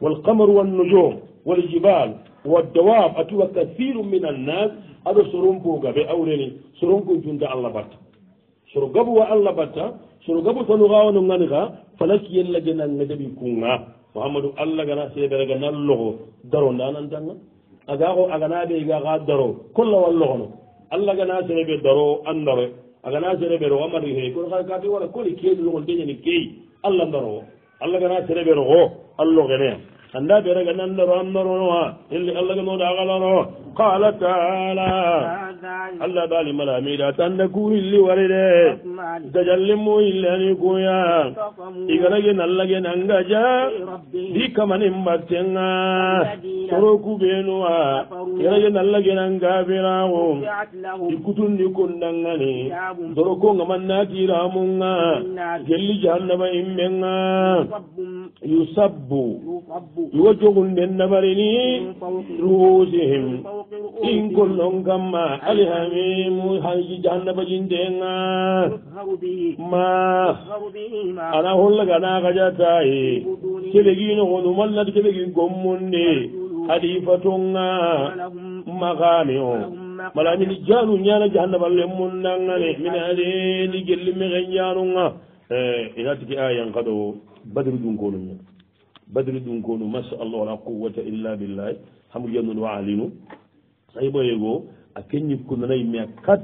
walkamaru wa nojom waljibal waddawab atuwa kathiru min annas aɗo soron bogaɓe awreni soronkon junta allah batta soro gabu wa allah batta soro gabu tanu gawano ngani ka falakiyellage nangedeɓi kunga محمد الله غنا سي بيرغ نالو درو نانا دان اغاو اغنا بي غا درو كل ولغنو الله غنا سي بي درو اندر اغنا سي بي رو امر هي كل خا كافي ولا كل كي دو ولدي ني كي الله درو الله غنا سي بي رو الله غنا اندا بيرغ نالو امر نو اللي الله غنو دا غلا رو قال تعالى allah ba ali mala mira tanda ku hilli wari de dajalli mu hilli ani kuya igarage nallage nangaja di kamani mbatenga soro ku benuwa igarage nallage nanga birawo ikutundi kundangani soro ko nga manna kiramunga gelli jahannama immenga yusabbu yuwajogunden nabarini ruusihim in kollon kamma الهميم هاي جهنم بجين دينا ما أنا هون لك أنا غجاتاي كبيرين غنو ملد كبيرين غموني حديفة مغامي ملامي نجانو نيانا جهنم بلهمون نغني من هذين جل مغيانو إذا تكي آية قدو بدر دون كونو بدر دون كونو ما شاء الله لا قوة إلا بالله حمد يمن وعالينو أي بايغو a keññit ko nanayi mais kat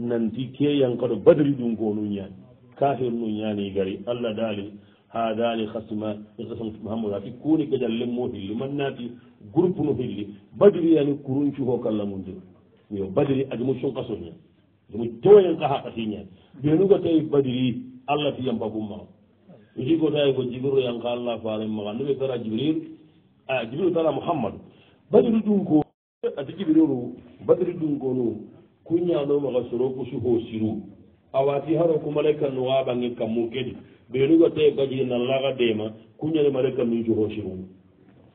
nanti keyankaɗo badri ɗum ko onu ñaani kafir nu ñaani gari allah daali ha daali hasma ikasan e mahamadu ati kuni gajal lemmo hilli man naati groupe no hilli badri yani kuruncu ho kalla mundir mio badri adimo cunkaso ñaan adimo cowoyanka ha kati ñaani ɓenugo tawi badri allah ti yampa bum maa jigo tawi ko jibril yanka allah faren maga noɓe tara jibril a jibril tara mouhammadou badri ɗum ko ati jibiriru badri dunkonu kuñanoma xa soro kusu ho siru awati haro ku malaika nuga bange kammu kedi benuga tae gajiri nallaxa dema kuñani malaika nuisu ho siru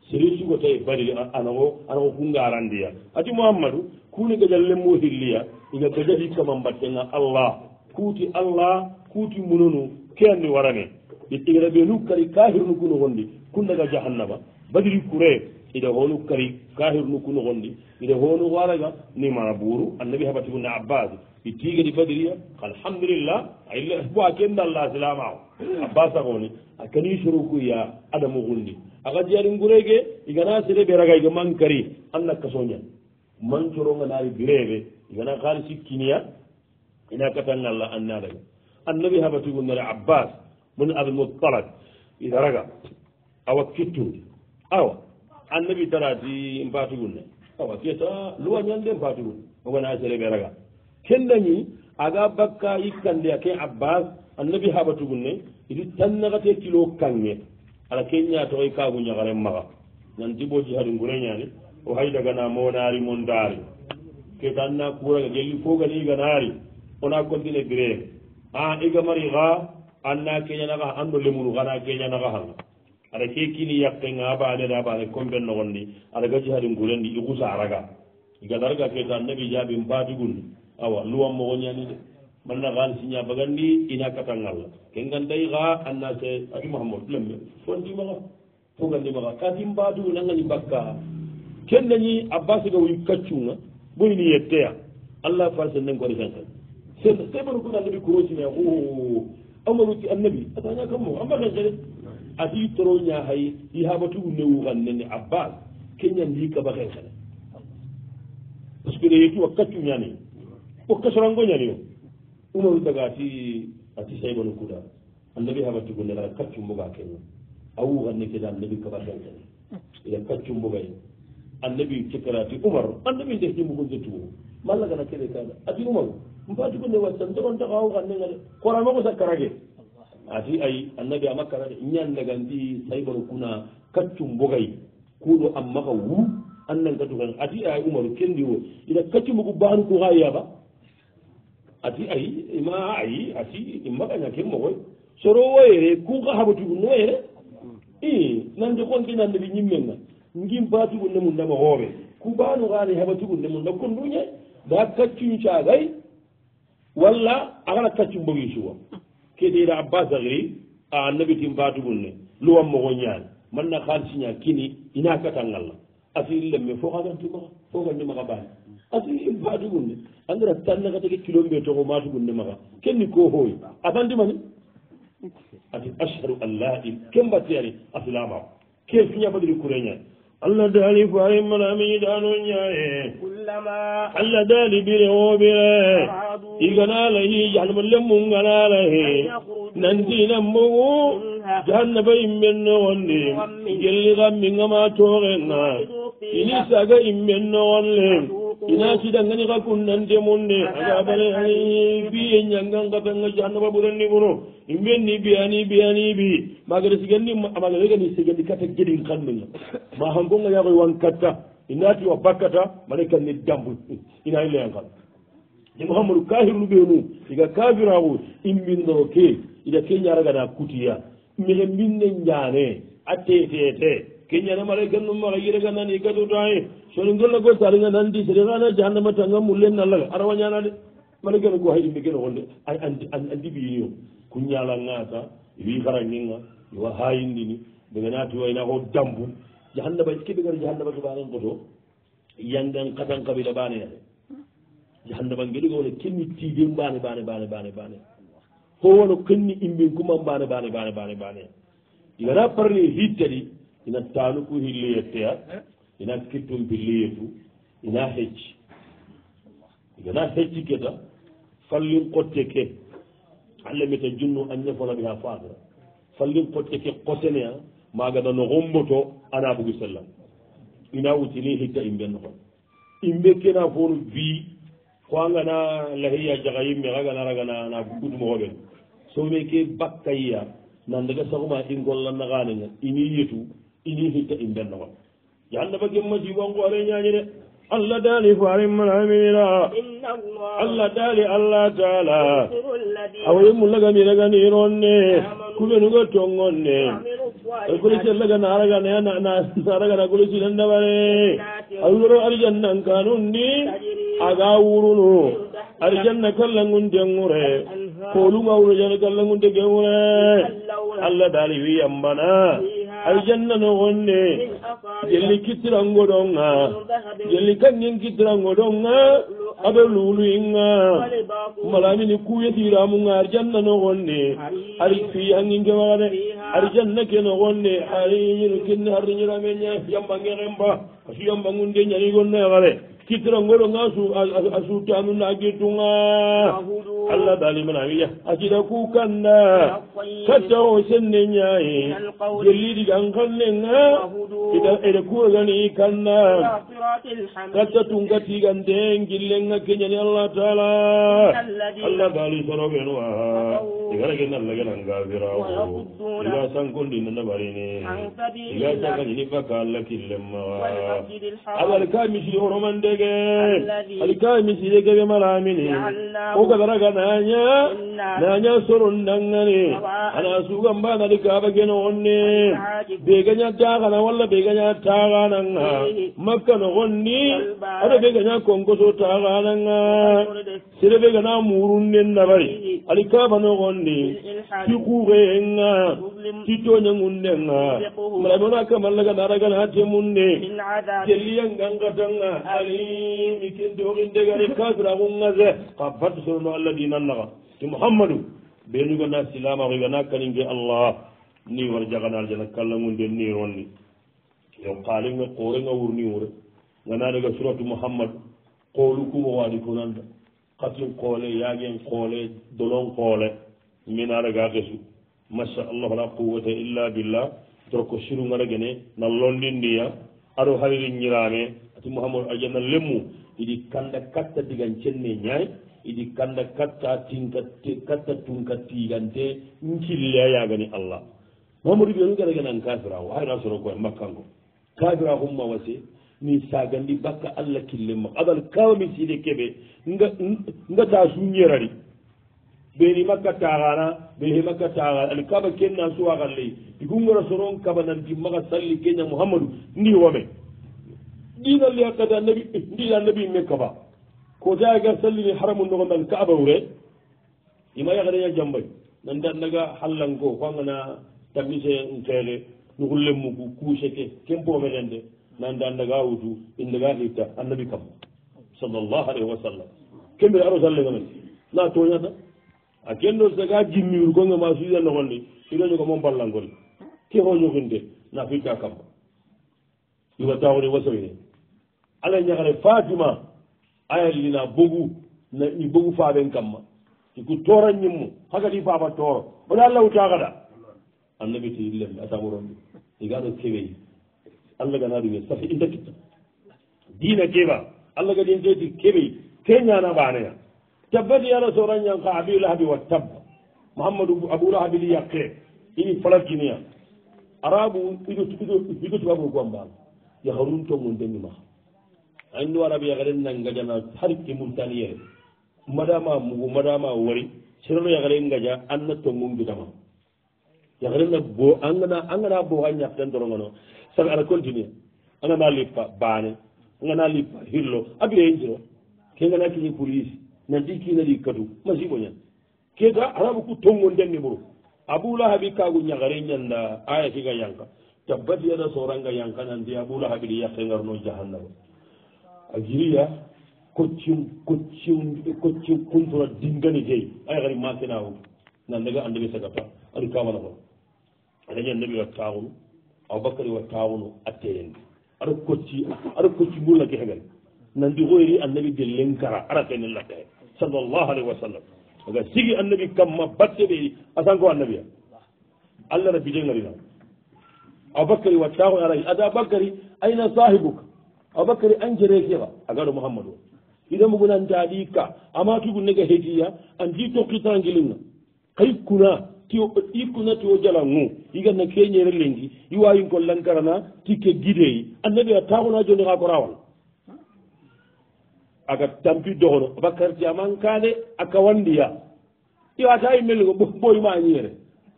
siri sugo tae badiri anao anao kungarandiya ati mohammadu kuni gaja lemmo hilliya iga gajadi kaman battenga allah kuti allah kuti mununu ke anni warane igata benu kari kahirnu kunu gondi kunnaga jahannaba badiri kure ida honu kari kahirnu kunu gondi ida honu waraga ni mara buru annabi habati bunna abbas i tiga di badiriya alhamdulillah ayilla bo a ken dalla silama o abbas a goni a kani surukuya adamu gundi aga jiyani ngurege igana sere beraga iga man kari anna kasoñan man coronga nari bireɓe igana kari sikkiniya ina katan alla annadaga annabi habati gunnare abbas mun abdulmutalak idaraga awa kittude awa annabi daraati mbaatugol ne awa keta luwañande mbaatugol wona sereɓe raga ken dañi aga bakka ikkande a ke abbas annabi haɓatugol ne iɗi tannaxate kilo kange ala ke ñatoxoy kaagu ñaxaren maxa nanti bo jihadi ngure ñaani o haydagana monaari mondaari keta anna kuraga gelli fogani iganaari ona continue grève a igamari xa anna keñanaxa anndo lemunu xana keñanaxa xanga aɗa ke kini yakke ngaabaaleda baale compen nogonni aɗa gaci hadi ngurendi i kusa araga igadaraga keta annabi jaabi mbaatigundi awa luwa mogoñani de manna xaal siña bagandi ina katangal kengandayi xa anna se adi mahamadou lemme fondimaxa fogandimaxa kati mbaatigu nangani bakka kennañi a basiga wi kaccunga boyini yetteya allah farse nden kodi sen xen se sebanu kon annabi kurosine xu amaruti annabi a tañakammo a mbaxen xede ati toroña hay i habatu u newuxan nene abbas keñandi kaba xenxene parce que reyetu a kaccu ñani o kasorango ñanio umaru daga ti ati saybanu kuda annabi habatugu nera kaccu mboga kena a wuxanne ke da annabi kaba xenxene ila kaccu mbogay annabi cekarati umar annabi ndexni mugundetuo mallagana kede kaga ati umaru mbatugu newa sa ndogontaxa wuxannengade koramaxu sa karage ati ay annabi a makka tade ñallegandi saybaru kuna kaccu mbogay kuɗo an maka wu annankatukan ati ay umaru kendi o ina kaccu mbogu baanu ku ha yaaɓa ati ay ma ay ati i makaña ken mogoy soro woyere ku ka haɓotugu noyere i nande konke nandebi ñimmenga ngim batugu nde mum ndama hoore ku baanu hani haɓatugu nde mum nda konduñe da kaccuñcagay walla agana kaccu mbogi suwa keɗira abbas axiri a annabi tin fatugun ne luwan moxo ñaani man na xaalisiña kini ina katangalla asiri lemme fo xagantimaxa fogandi maxa baani asiri fatugun ne angara tannaxatake kilombe toxo matugun ne maxa kenni ko xooy asandimani ati ashhadu an la il ken batteyani asilamaxo ke suña fadiri kureñaani allah daali fo ari manamiñi daano ñaaye allah daali bire wo bire iganala hi janaba lemmum ganala he nantina mbogu jahannaba immen nogonni gelli gammi gama tooxen na ini saga immen nogon len ina sidangani ka kunnante munde agabale biye ñanganga penga jannaba ɓuranni ɓuro imɓenni biyani biyani bi magare sigandi magaregani sigandi kata geɗin kannuga ma hankonga yakoy wan katta inati wa bakkata mala kanni dambu ina leyankal ni mouhamadou kahirlu ɓenu iga kafiraku imbindoro ke ida ke ñaragana kutiya mexe mbinne ñane a tetete keñana mara gannu maxa yirega nani gadutaxe soni ngolna go saringa nan di sere xana jahannama tanga mulle nalaga ara wañana de mara gana go xayimbe gene xonde andiɓiinio ku ñalangaata wi xarangenga wa xayindini ɓeganatiwaynaxo dambu jahannaba est ce que ɓegar jahannaba ke banen koto yangan katan kabila bane yaxe jahannaba ngeɗegone kenni tiiden bane bane bane bane bane ho wono kenni imbin kuman bane bane bane bane bane igana parni hittaɗi ina taanu ɓuri liyetteya ina kittumpi liyetu ina hecci igana hecci keta fallin qotte ke allemita junnu anñafonaɓe ha faatra fallin qotte ke qoseneya magada noxomboto ana bugu sellam ina wutini hitta imɓe noxon imɓe kena fonu vi ko angana lahiya jaxa yimme xagana ragana na gudmoxoɓen so meke bakkayya nandaga saxuma ingollannaxanenga ini yetu ini hikka in ɓennoma yo allah ba gemma diwon koore ñaañi de allah daali farimmalamina allah daali allah taala awa yemmu lagamiraga niron ne kuɓenuga tongon ne kolisi laga naraga naraga na kolisi nandabare awuro arjannan kanun ndi aga wurunu arjanna kallangundengure kolungawuro jana kallangunde gemure allah daali wi yambana aljanna no wonne jelli kittirango ɗonga jelli kangen kittirango ɗonga aɓe luuluyinga malamini kuyetiramuga arjanna no wonne ar fi hangingewaade arjanna ke no wonne arino kinne harriñiramen yambange hemba asu yambangunde ñanigonnoyakare kittirango ɗonga asu tanunda gettunga allah baali mana wiya asida ku kanna katta o senne ñaayi jelliidi gan kannenga ida ede kuwagani kanna katta tun gatigande ngillenga keñani allah taala allah baali sorogen wa igaragen allah genangaabirawo iga sankondinna nabarini iga sankanini bakka allah killenmawa aba alikaa misiri horomandege alikaa misiri gebe malaamini o gadaragan naña naña soron dangane ana sugan ba nadi kaba gene onne be ganya taana walla be ganya taana nga makka no onni ada be ganya kongo so taana nga sire be ganya murun nen nabari ali kaba no onni ti kure nga kittoñe ŋun denŋa maraɓeŋa kama lagana aragana hate mun ne kelliyan gangatanŋa alimi kendoxindegani kasiraxunŋase xa fatu sorono allah dina naxa ti mouhamadou ɓenugana silamaxo igana kaninke allah ni war jaxana aljana kallaŋunde niron ni yo qalinŋe qorenŋa wurni wure ganadaga suratu mouhamad qolu kumowaɗi konanda katin qole yagen qole dolon qole minaɗaga xesu machallahu la quwata illa billah torko sirugara gene na londindiya aɗo haariri ñirame ati mouhamadou aljanna lemmu iɗi kanda katta digan cenne ñay iɗi kanda katta tinka katta tunka tigante nkille yagani allah mouhamadou ɓe nugara genan kafira o hayna soro koye makkanko kafira humma wase ni sagandi bakka allah killemma aɗal kawami siide keɓe nga ngata suñerari beni makka taxana bee makka taxana ani kaba kenna suwaxan ley igungora soron kaba nanti maxa salli kenya mouhamadou ndi wome ɗina li akkadi annabi eh, ndii annabi me kaba kota aga sallini haramu noxonan kaba wure ima yaxadaya jambay nanda naga xallanko xoangana tamise nxeexe nuxule mugu kuse ke ken pomexende nanda naga wutu indaga xita annabi kam sallallahu alayhi wa sallam kembe arosallegamen la toñata a kendoo sa ga jimmiwr gonge ma suida nogondi sirañu ko moom ballangoni ke hoñuginde na fika kamba yuwa taxoni wasoyne ala ñaxane fatima ayalina bogu nai bogu faaɓen kamma iku toora ñimmu hakati faaba tooro oɗa law taxaɗa annabi ti lem ataɓoronɗi igaɗo keweyi allah gana ɗume safi intakitta dina keɓa allah gadin teti keɓey te ñana ɓaneya tabbati ya rasul allah ñanka abilahabi wa tab mouhamadou aboulahabi li yakke ini falarginia arabu ɓigo tubabu gombal yaharun to mun dengi maha anndu arabe yakaren nangajana har ke multaniyere madama mugu madama wari sereno yakaren ngaja anna to mun gidama yakarenna bo angana angana boha ñakten dorongono sabi ara continue angana lippa bane angana lippa hillo abiyeyinciro kengana kiñi police nanti kinali kadu masiboñan kega arabu ku tongondenge buru abulahabi kagu ñakare ñanda aya kega yanka tabbatiyada soranga yanka nanti abulahabi yakengarno jahannaba a jiriya koccin koccin koccin kuntura dingani dey ay xari makinawu nandega andeɓe sagata adi kamalafa adañi annabi wa taxunu aboubacary wa taxunu a teyende aɗa kocci aɗa kocci mbulna ke xengari nandi xoyri annabi de lengkara ara kene lakaye sallllahu alayhi wa sallam aga sigi annabi kamma batte ɓe asanko annabiya allah na bije ngarina aboubacary wattako aray ada bacary ayna sahibuka aboubacary anjereekewa agaɗo mouhammadu o ida mugunantaɗi ka ama tugu nega heediya andi tokkitangilinga kay kuna ti i kuna ti o jala ngu yigatna keñere lengi i wawin ko lankarana ti ke gideyi annabi attakona jonde ka korawala aga tampi dohono abakar ti amankade aka wandiya iwata yimmelligo ɓoyima añiere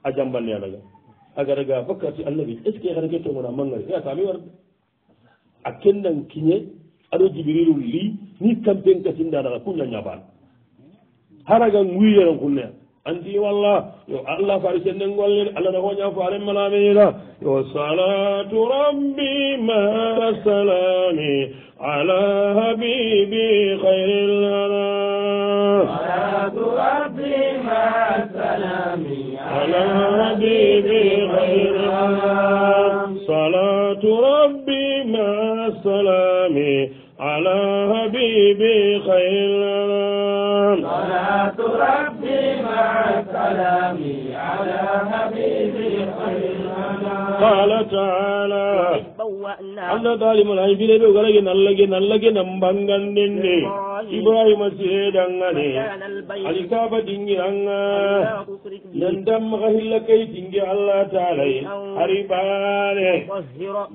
a jambanne alaga agaraga abakar ti allahbi est ce que xarake togona mangare yatami warde a kendan kiñe aɗo jibrilu li ni tampen katindanaga ku ñañabaan haraga wiyeran kunnea anti walla yo allah fari senden golle allah na hoña fare malameyira yo salatu rabbi ma salami على حبيبي خير الأنام صلاة ربي مع السلام على حبيبي خير الأنام صلاة ربي مع السلام على حبيبي خير الأنام صلاة ربي مع السلام على حبيبي خير الأنام قال تعالى tabawwana anna daalima ay mbire ɓe garage nallage nallage nam mbangan nden de ibrahima seedangane alikaba dingi anga nandam ka hilla kay dingi allah taalay ari baane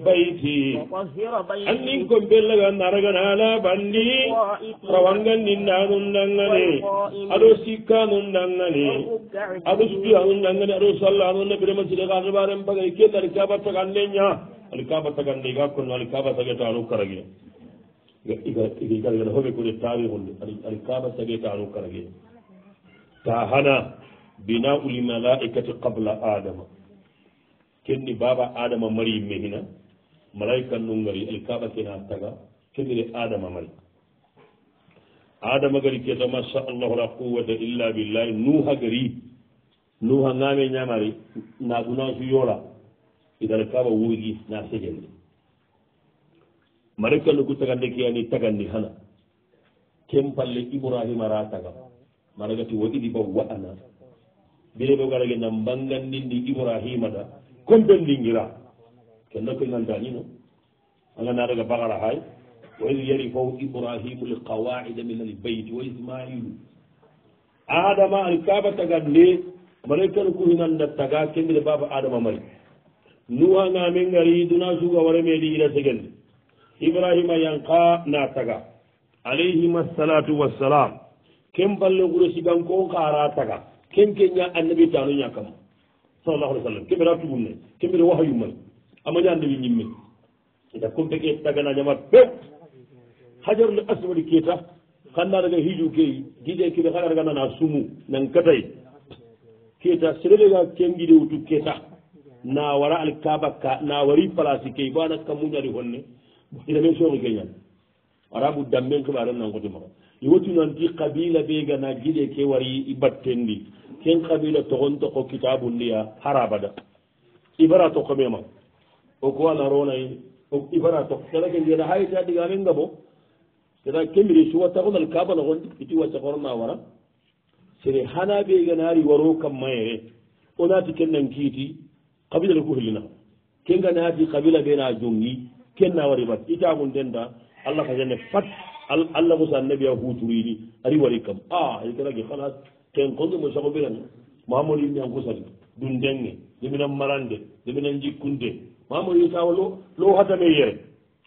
bayti annin kon bellaga naraganala bandi rawangan ninnanun dangane aɗo sikkanun dangane aɗo sudi anun dangane aɗo sallanunne ɓiremasidaka xibaren bagay kellari kaba taganne ña ali kaba tagande ga kono ali kaba tageta anu karage gargana hoɓe kode tawi hunde ali kaba tageta anu karage ta hana bina uli malaikati qabla adama kenni baba adama mari yimme hina malaika nu gari ali kaba kena taga kennire adama mari adama gari keta masa allahu la quwata illa billahi nuha gari nuha ngame ñamari nagunasu yoola idan kaba wuri na sigin ne marikan ku ta gande kiyani ta gande hana kin falle ibrahim ra ta ga maraga ti wadi ba wa ana bile ba garage nan bangan din di ibrahim da kun dan din gira kan nan nan da ni no an nan daga bagara hay wa iz yari fa ibrahim li qawaid min al bayt wa isma'il adama al kaba ta gande marikan ku hinan da ta ga kin bile baba adama mari nuwa nga men ngari duna suga wara meɗi ila segende ibrahima yanka na taga alayhim assalatu wassalam ken balle gure siganko kara taga ken kenya annabi tano ñakama sallallahu alaihi wasallam kemɓeɗa tugunne kemɓeɗa waha yumman amaña annabi ñimmen ita kompeke tagana ñama pew hajarle asmadi keta kanna daga hiju keyi diɗe kiɓe haɗa daga nana sumu nan katay keta seɗeɗega kengiɗewtu keta nawara alkaba ka nawari place key bo anaka muñari honne iname sooxi geñan arabu dambe kebaren nangoti moro iwotinanti qabila ɓe gana giɗe ke wari i battendi ken qabila togon toko kitabu ndiya harabada ibara toko mema o ko ala ronay ibara toko kelake ndiyana hayta ɗigaren gabo kata kemiri suwa tagon alkaba nogon iti waccakoro nawara sere hana ɓe ganari waro kam mayere onati kennan kiiti kabila le ku hillina ke nga naati kabila ɓena jongi ken na wari bat itagun ten ta allah kajane fat allah musa annabi a huturini ari wari kam a ikenage halas ken konge mo sago ɓirani mahamadu yimi an kusati dun denge deminan marande deminan jikkunde mahamadu yitawa lo lo hatame yere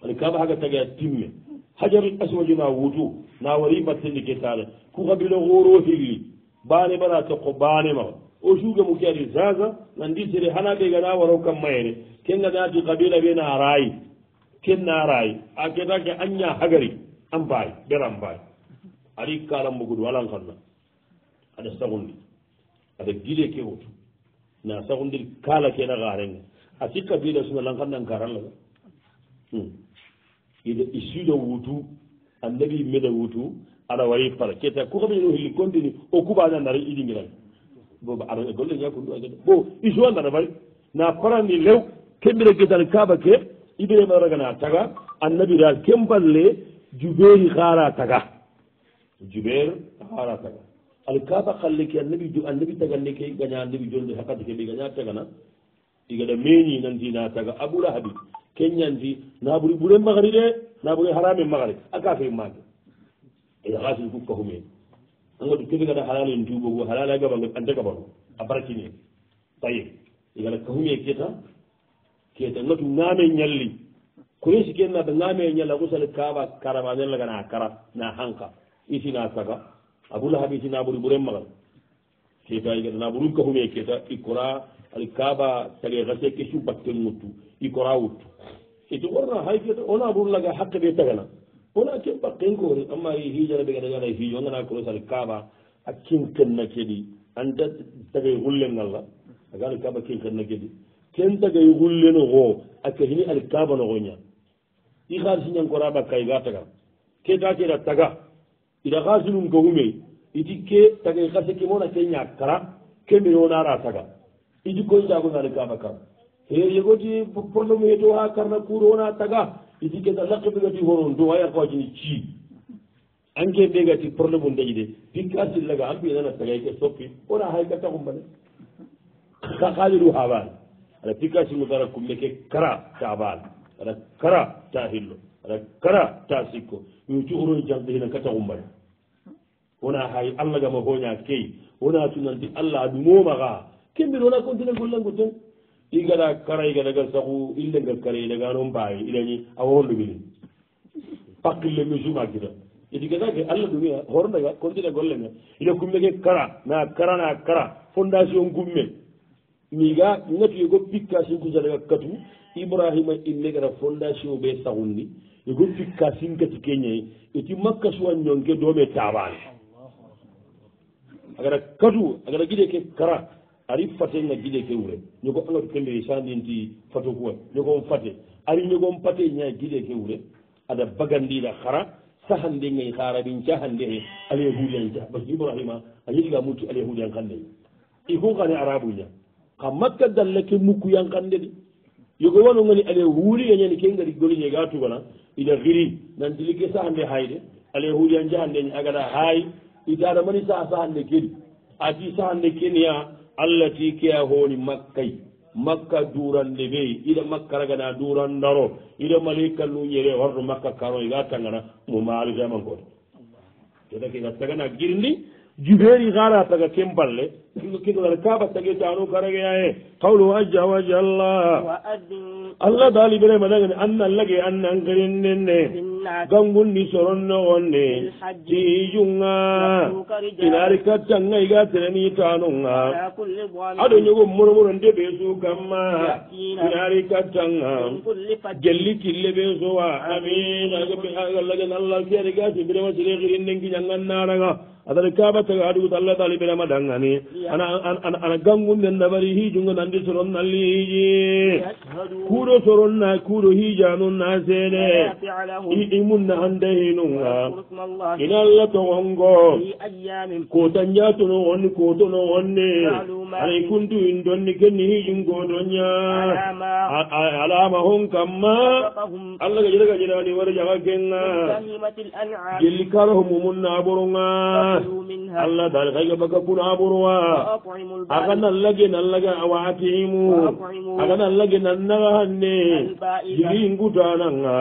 ani kaba haga tage a timme hajaru aswaju na wutu na wari battendi ke tale ku kabila goro hilli bane bara tokko bane maa o suuga mu kedi zaza nandisere hana ɓega e na waro kam mayere kengadati kabila ɓe naray ken naray a ketake anña hagari an mbay ɓeran mbay aɗa kalambugudu alan kanna aɗa sagundi aɗa guile kewoto na sagundir kala kena garenga a si kabila suna lan kannan karanga hmm. ida isuda wutu annabi meda wutu aɗa wari pala keta ku kabino hilli continue o kuɓanan nara iɗingirani bo ara e golle ñakon ɗu agede bo isoa nana mari na parani lew keɓira gedal kaba ke ibrahima ragana taga annabi ral kemballe jubeeri haara taga jubeer haara taga alkaba halleke annabi annabi taganneke gaña annabi jonde hakkade keɓi gaña tagana igaɗa meñi nandi na taga aɓurahabi keññandi naɓuri ɓure magari ɗe naɓuri harami magari a kafe maage e hasin fuf kahumeni angoto kebigata halala en duɓogo halala gaba ande gabaru a barkine baye igala kahumie keta keta ngatu ngame ñalli kuresi kennaɓe ngame ñalla kusal kaaba karama nellaga na kara na hanka isina saga abulahab isina ɓuri ɓuren magal keta igata naɓuru kahumie keta ikora al kaaba tage hase ke subatten guttu ikora wuttu eti worna hay keta ona ɓurlaga haqqe ɓe tagana wona kebba kenkore amma hijana ɓe gada gaɗa fijo e ngana korosal kaaba a kinkenna keɗi anda taga e hullen ngalla aga al kaba kinkenna keɗi ken e taga hullen ho aka hini al kaba no hoña i xaal si ñankora ɓakkay ga taga ke ta keɗa taga ida xaasinum ko xume iti ke taga xase ke moona ke ña kara ke mbe yonara taga idi koy jagonga al kaba kam e yegoti problème yeto ha karna kuur ona taga iti kesa lakkiɓe gati horon do waya kowajini cii anke ɓe gati probléme um dañi de pikka sillaga hambi nana sagay ke soppi ona haygatta kumbane ka haliru habal aɗa pikka sillu gara kumme ke kara ta baal aɗa kara ta hillo aɗa kara ta sikko min cuhoroni jangde hinan katta kumbane wona hay allah gama hoña key wona tunandi allah aɗumomaga kembir wona continue gollangu ten i gana karayga daga saku illenga karayi daganon baye ilani awa hollumini pakille mesuma kita eti gasake allah dumia horndaga kontina gollenga ida kummege kara na kara na kara fondation gumme miga ngatu yego pikka sinkusa daga katu ibrahima inne gata fondation ɓe sahundi yego pikka sinkati keñayi eti makka suwa ñonke doome tabane agata katu agata gide ke kara ari fate nga guiɗe kewre ñogo angat kembiri sandinti fato kuwa ñogon fate ari ñogon fate ña guiɗe kewre aɗa bagandiɗa xara sahande ngay xaraɓin cahande he alyahudiyanca par ce que ibrahima a yetiga mutti alyahudiyan kande i ku kane arabuña xa makka dalla ke mukkuyan kande de yogo wanongani alyahudiyañani ke ngari goliñega tugana ina xiri nantili ke sahande hayde alyahudiyan cahande agaɗa haay itaɗamani saha sahande kedi ati sahande keniya allah ti keya hooni makkay makka duurande ɓey ida makka ragana duurandaro ida malayika nuñere horɗo makka karo iga tagana mo maalisamankoote te take ga tagana girndi jubeeri xaara taga ken balle kaba tageti anu karageae kawlu aja wajalla allah daali bere madagani an allage annan gerinnenne gangunni soron nogonne tiijunga inari kattanga iga tereni tanunga ado ñogo muromuro nde besu gamma inari kattanga gelli tille besuwa amin allagen allah fiyarigati berema sire girinnen kiñangannaraga adani kabatag adugut allah taali berema dangani ana gangunden dabari hijunga nandi soron nalli hiji kuuɗo soron na kuuɗo hijanun na seede imunna hande hinunga in allah togongo kotanjatono onni kotono onni ana kuntu in donni kenni hijin kotonya alama hon kamma allah gajira gajirani warjaga kenga jelli kalahomumunna aboronga allah dal xayga baga kun aburwa aga nan lage nan laga awa atimu aga nan lage nan naga hanne jiri ngutananga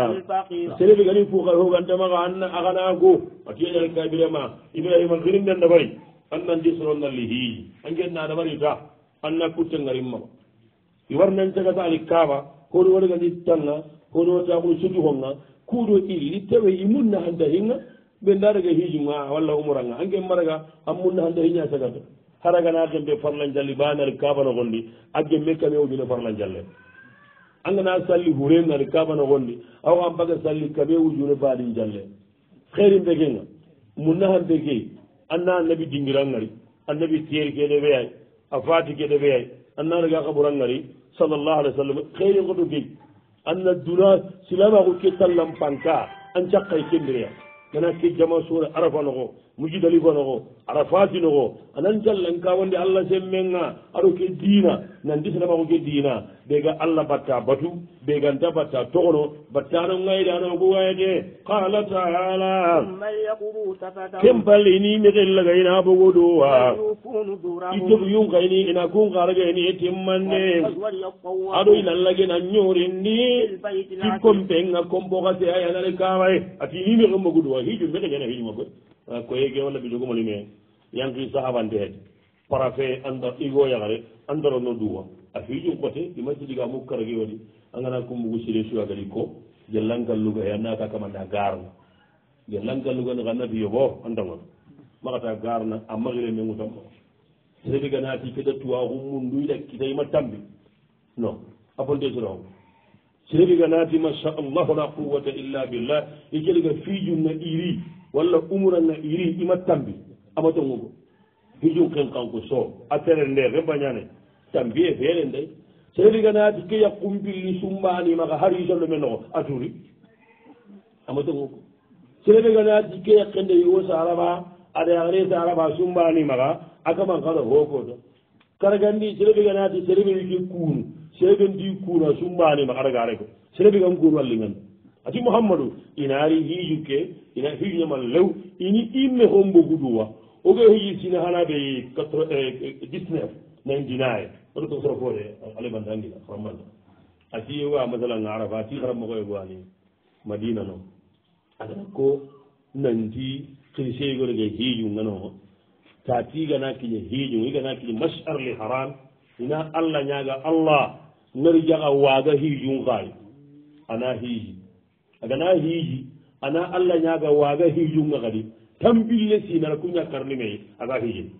selebi gani fuka hogantama ga anna aga nago ati yadal kabirema ibrahim al girim den dabari anna ndi sunon nan lihi angen na dabari ta anna kutte ngarim ma iwar nan tega ta ali kaba hodo wadaga ditanga hodo ta ko suju honna kudo ili tewe imunna handa hinga ɓen daraga hiijuma walla umoranga anke mbaraga ammunna hande hiña sagato haraga naten ɓe farlan dialle banare kabana gondi agge mekka me ujune farlan dialle angana salli hurengani kabana gondi awan baga salli kame ujune balin dialle heri mbegenga munna hande ge anna annabi dingirangari annabi tiyeri keɗe weyay a fati keɗe weyay annanaga kaɓurangari sallllahu alih w sallam heri ngoto ge anna duna silamaku ke tallan panka an cakkay e kendireya mena kijjama suura arafa nogo mujidaligonoxo ara fatinoxo anan jallan ka wonde allah semmenga aɗo ke dina nandi senamaxo ke dina ɓega allah batta batu ɓeganta batta togono battanongayide anogowayete qala taala ken ɓalini mexel lagayina bogo dowa itok yun kayni ina kun xaragayni e temmande aɗo inan lagena ñorendi ti kompenga kombo xa se ayanare kamay atinimexe mogu dowa hiju mexeñana hijumakoy Eh, ko yege walla ɓe jogomo lumi en yanki sahabante hede parafe anda igoyagare andarono duwa a fijum ɓote ɗimasidiga mukkarage waɗi a gana kumbugu sile suwa gadi ko jallankalluga he annaka kamanda garna jallankallugani ka nabi yobo andagon makata garna a magire mengu tamma sebiganati keda tuwaku munduyɗa kitayima tambi no aponte sirao sebiganati masha allahu la quwata illa billah ikeliga e fijumna iri walla umuranga iri ima tambi amatongogo hijum ken kanko so a tere nde rebañane tambi e feere ndey seediganaati ke yakkum pilli sumbanimaka har yisollo men noxo a tuuri amatongogo seediganaati ke yakkende yiwo sarama ada agre sarama sumbanimaka a kaman kada hokoto karagandi seediganaati serebeni ke kuunu serebenti kuuna sumbanimaka adaga reko serebigan kuunu allingan ati muhammadu ina ari hiijuke ina hiijuñama lew ini imme hombo huduwa oge hiji sina hanaɓe 19 99 eh, eh, oɗo tosorofode alemantangina haramanta asi yewa masalan arafa asi haramogo e gowani madina noon adana ko nanti kriseygorege hiiju ngano ta tigana kiñe hiiju igana kiñe mashar li haram ina allah ñaga allah ngari jaga waga hiijun kaay ana hiiji agana hiiji ana allah ñaaga waaga hiijunga kadi tambille siinara ku ñakkarnimey aga hiijin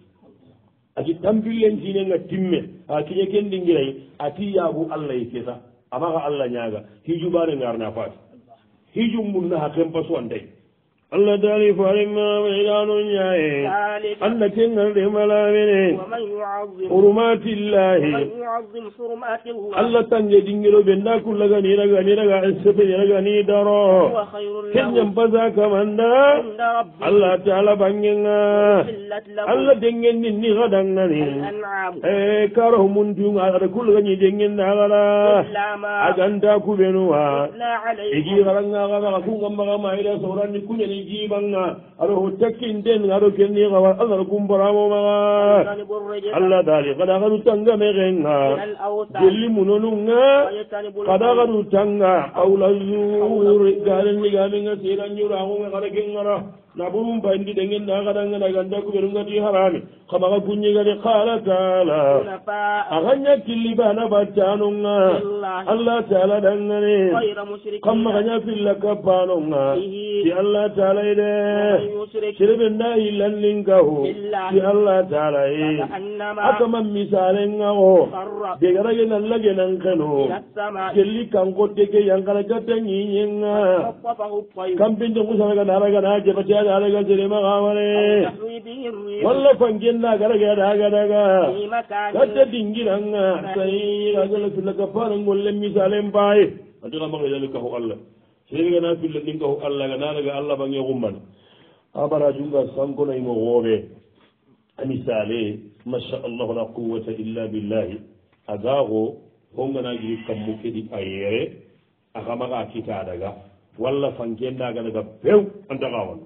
aci tambillen siinenga timme a kiñe kendingiray ati yaagu allah kesa amaga allah ñaaga hiiju ɓaanengarna faati hiijumbunnaha xempa suwantay الله تعالي فارم وعلان جاي أن كنا لملامين حرمات الله الله تنجدين جلو بنا كل غني رغا نرغا عصف يرغا نيدارو كن ينبزا كمان الله تعالى بانينا الله دنجن نني غدان نني إيه، كره منجون على كل غني دنجن نغلا أجندا كبنوا إجي غرنا غرنا كون غمغا ما إلى سوران كون يني ni jiɓanga aɗo ho takkinden aɗo kenniawa allah ɗo gumboramomaga allah dali kaɗa kaɗu tanga mexenga gelli munonunga kaɗa kaɗu tanga qawla zuur galenni gamenga seranjuraxunga kaɗa kengara naɓurum bandi ɗe gen nagaɗange naganda ku ɓerungati harami kamaga kunñigadi qala taala aga ñattilli bana battanonga allah taala ɗangane kammaga ñafilla kabbanonga si allah taala i de sereɓe na yillannin kaho si allah taala i a kaman misalengaho degarage nallage nankeno kelli kankoteke yankala gatta ñiñenga kampinte ku sanaga naragana jebatiar adaga jeremaamare walla kwangenna garaga adagadaga gadda dingiranga sai agala filaka fana ngollen misalen baye adi kamakaidani kahu allah serigana filla ɗin kahu allah ga nanaga allah bange gummana abara junga sankonaimo woɓe amisale masha allahu la quwata illa billahi agaago honganagiri kammu keɗi ayere akamaga kita daga walla fankendaganaga few antakawan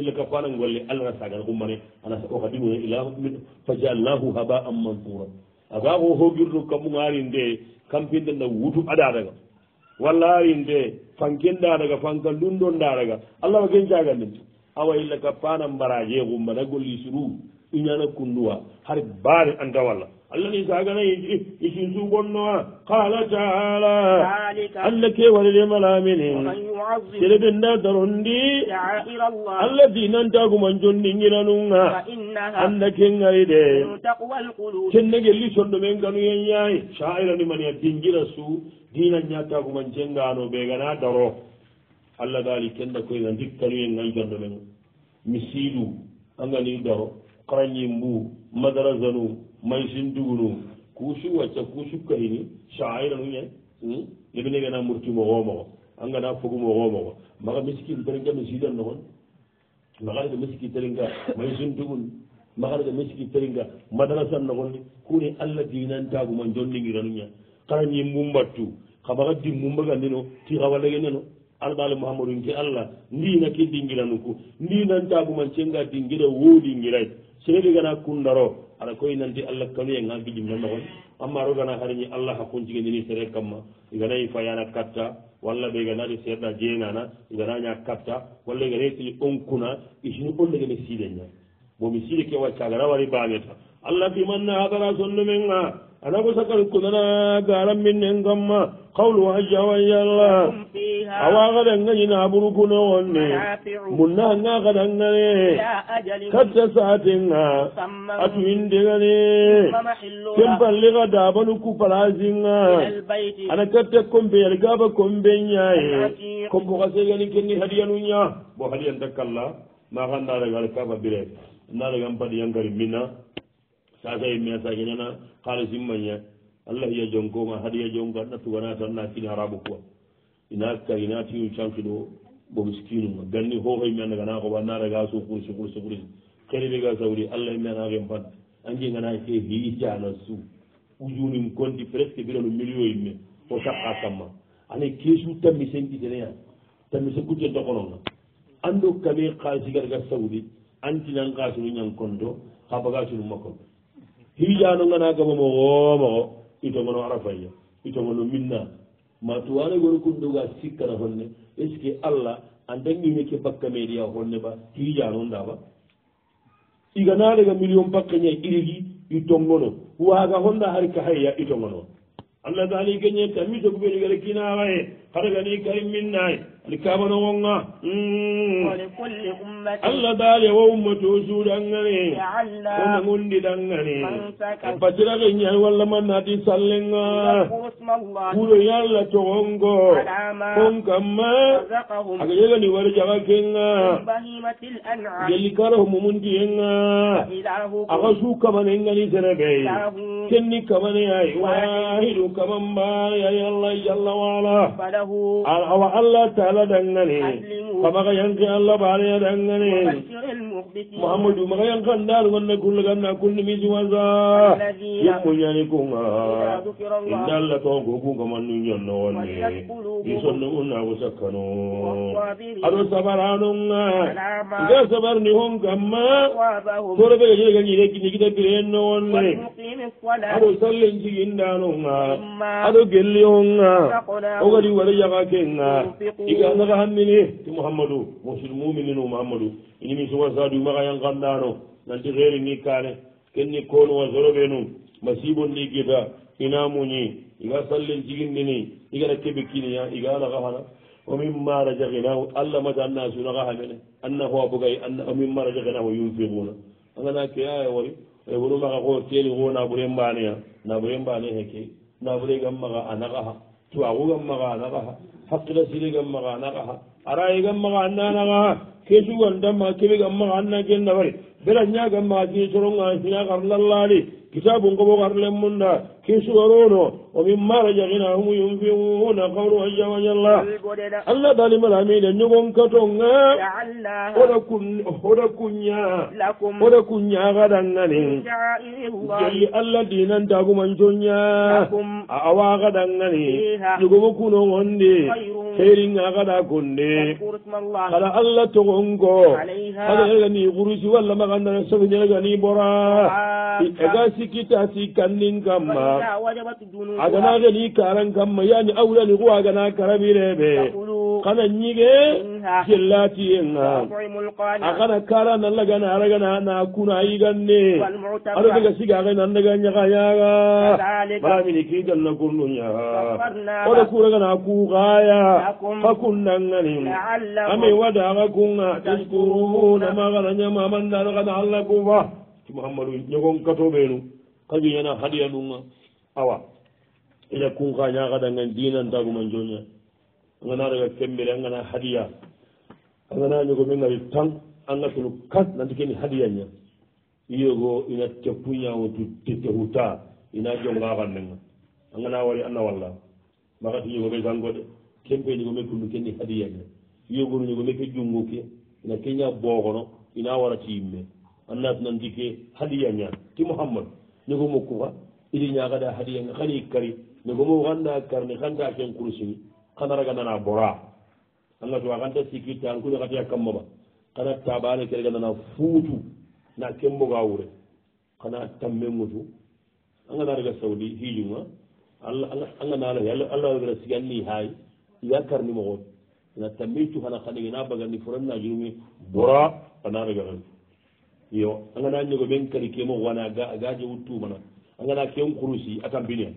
illa ka fana golle allah na sagana ummane ana saoka ɗimuna ilahum fa jaallahu haba an mansura aga ko hoogirdu kammu ari nde kampinde na wutu aɗadaga walla ari nde fankenɗaɗaga fanka ndunɗo ɗaɗaga allah wa kencagandin awa illa ka fana mbara jeegumma na golli suru iñana kunduwa har baane andawalla allah ni saganayi isin sugonnoa qala taala allah ke warire malaminin sere ɓe nda darondi allah dinantaguman jonni ginanunga anda kengaride kenne gelli sonɗo men ganu yen yayi sairani mania dingira su dinanñattaguman jengano ɓe gana daro allah gaali kenda koyna dikkanuyen ngan jonɗo men mi siidu angani daro qarañimbu madarasanu maysindugunu kuusu wacca kuusukkayini sairanuñe hmm? nebinegena murtimo xoomoxo angana fogumo xoomoxo maxa miskin terenga misidan noxon maxarega miski terenga maysintugun maxarega miski terenga madarasan noxonni kuni allah dinantaguma jonningiranuña qarañimbu mbattu xamaxa dimmu mbagandino ti xawalegeneno albaali mouhamadu nke allah ndina ke dingiranuku ndinantaguma cenga dingira wo dingirayt seeli gana kundaro ala koye nanti allah kanuye ga gijim nanogon ammaro gana harni allah hakkuncigenini sere kamma iganayi fayana katta walla ɓe ganati seerɗa jeenana iganaña katta walla iganayi sili onkuna isini onnegene siiden ña bomi siide ke waccagana wari bameta allah bimanna hadara sonnumen ga anako sakkati kunana gara minnen kamma kawlu hajja wajalla awa kada nga yina aburu kuno wonne munna nga kada nga ne katta saate nga atu inde nga ne kempan liga dabanu ku palasi nga ana katta kombe yali gaba kombe nyaye kombo kase gani kenni hadiyanu nya bo hadiyan takalla ma kan nalaga alkaba bire nalaga mpadi yankari minna sasaye message nana haalis immaña allah ya jong koma haɗa ya jong ka ɗattu wona tan na kini araɓo quoi ina ka ina tiu canki ɗo ɓo miskinuma ganni hohoye mi andaga na koɓa naraga su kursi kursi kursi kerevega sawri allah mianake pat angi gana ke hijana su ujunin konti presque birano million yimme o sakka kamma ane kesu tammi senkitenea tammi se kutte dokononga ando kame kasigarga sawri antinan kasunu ñan konto ha bagasunu makkoɓe hiijanongana kabamo xoomoxo itongono arafaya itongono minna ma tuwane gono kundoga sikkana honne est ce que allah antangine ke bakka media honne ba hiijano ndaba iganaɗega million pakke ñay irigi itongono waga honda harka haya itongono allah dalikeñe tammi sogubenigara kinawaye haɗagani karim minnaye likabana wonga mm. allah dale wo ummato suudangane ona gondiɗangane batirake ñay walla mannati sallenga kuuro yalla togongo on kamma aga yegani wari jaga kenga gelli karaho mumundiyenga aga su kamane ngani serebey kenni kamane ay wahidu kaman mbaya yalla jalla wala awa allah ta allah dangane kamaka yanke allah baaleya dangane mahamadou maka yankandarugonne kulle ganna kulle misiwasa yimmuñani kunga inde allah tonko kungamannu ñonnowonne isonne unnago sakkano aɗo sabaranonga nde sabarni hon kamma torobeke jeganirekinigidabirennowonne aɗo sallencigindanonga aɗo gelli honga o kadi wara yaka kenga ga naga hammini ti muhammadu mosul mumininu muhammadu inimi suwa sadu maga yan kandano nanti heri ni kane kenni kono wa zorobe nu masibon ni gita ina muni iga sallin jigindini iga da kebe kiniya iga na gahana wa mimma rajaqnahu alla mata anna suna gahamene anna huwa bugai anna wa mimma rajaqnahu yunfiquna anga na ke aya wari e wuru maga ko teli ho na buren baniya na buren bani heke na bure gamma ga anagaha to agu gamma ga anagaha hakkila sirigan maga naraha ara igan maga anna naga kesugandama kebigan maga anna gennabari belasinya gan maga kisoronga sinya karlallali kitabu ngobo arle munda kisuwarono omin maraja ginahum yunfiuna kawru aja wajalla allah dalimalamine ñogonkatonga oda kuña oda kuñagadangani jali allah dinantagumancoña a awagadangani ñogomo kunongonde heringagada konde ala allah togonko aa egani kurusi walla magandana sofiñegani bora egas sikita si kannin kamma agana geni karan kamma yani awrani ko agana karabirebe kana nyige jellati enga agana kara nan lagana aragana na kuna iganne aro daga siga ga nan daga nyaga yaga barami ni kidan na kunu nya ko da kura gana ku gaya fa kunnan ngani ame wada ga kunna tashkuruna magana nyama mandaro kana allah kuwa ti mouhammadou ñagon katoɓenu kañuñana haɗiya ɗuma awa ila kunka ñagadangan dinantaguma joña angana daga kembere angana haɗiya angana ñogo min ngari tan anga sunu kan nanti keni haɗiyaña yogo ina tekuñawotu tetehuta ina jongaxannenga angana wari anna walla magati ñogo ɓe sangoɗe kempe ñogo me kunu keni haɗiyaña yogonu ñogo me ke jungo ke ina keña boxono ina warati yimme annas nan dike hadiya ñan ti mouhammad ni gomo kufa idi ñagada hadiya ga xani kari ni gomo xanta karni xanta ken kursini xana raga nana bora anga tuwa xanta sikirte an kuni xatiya kammama xana tabane kere ga nana futu na ken mboga wure xana tamme ngutu anga na raga saudi hijuma anga nala allah gara siganni hay iya karni moxot ina tammeytu xana xanigena bagani foranna jurumi bora xana ragaxantu yo angana ñogo ɓen kadi kemo wona gaje wuttumana angana ken kurusi atam hen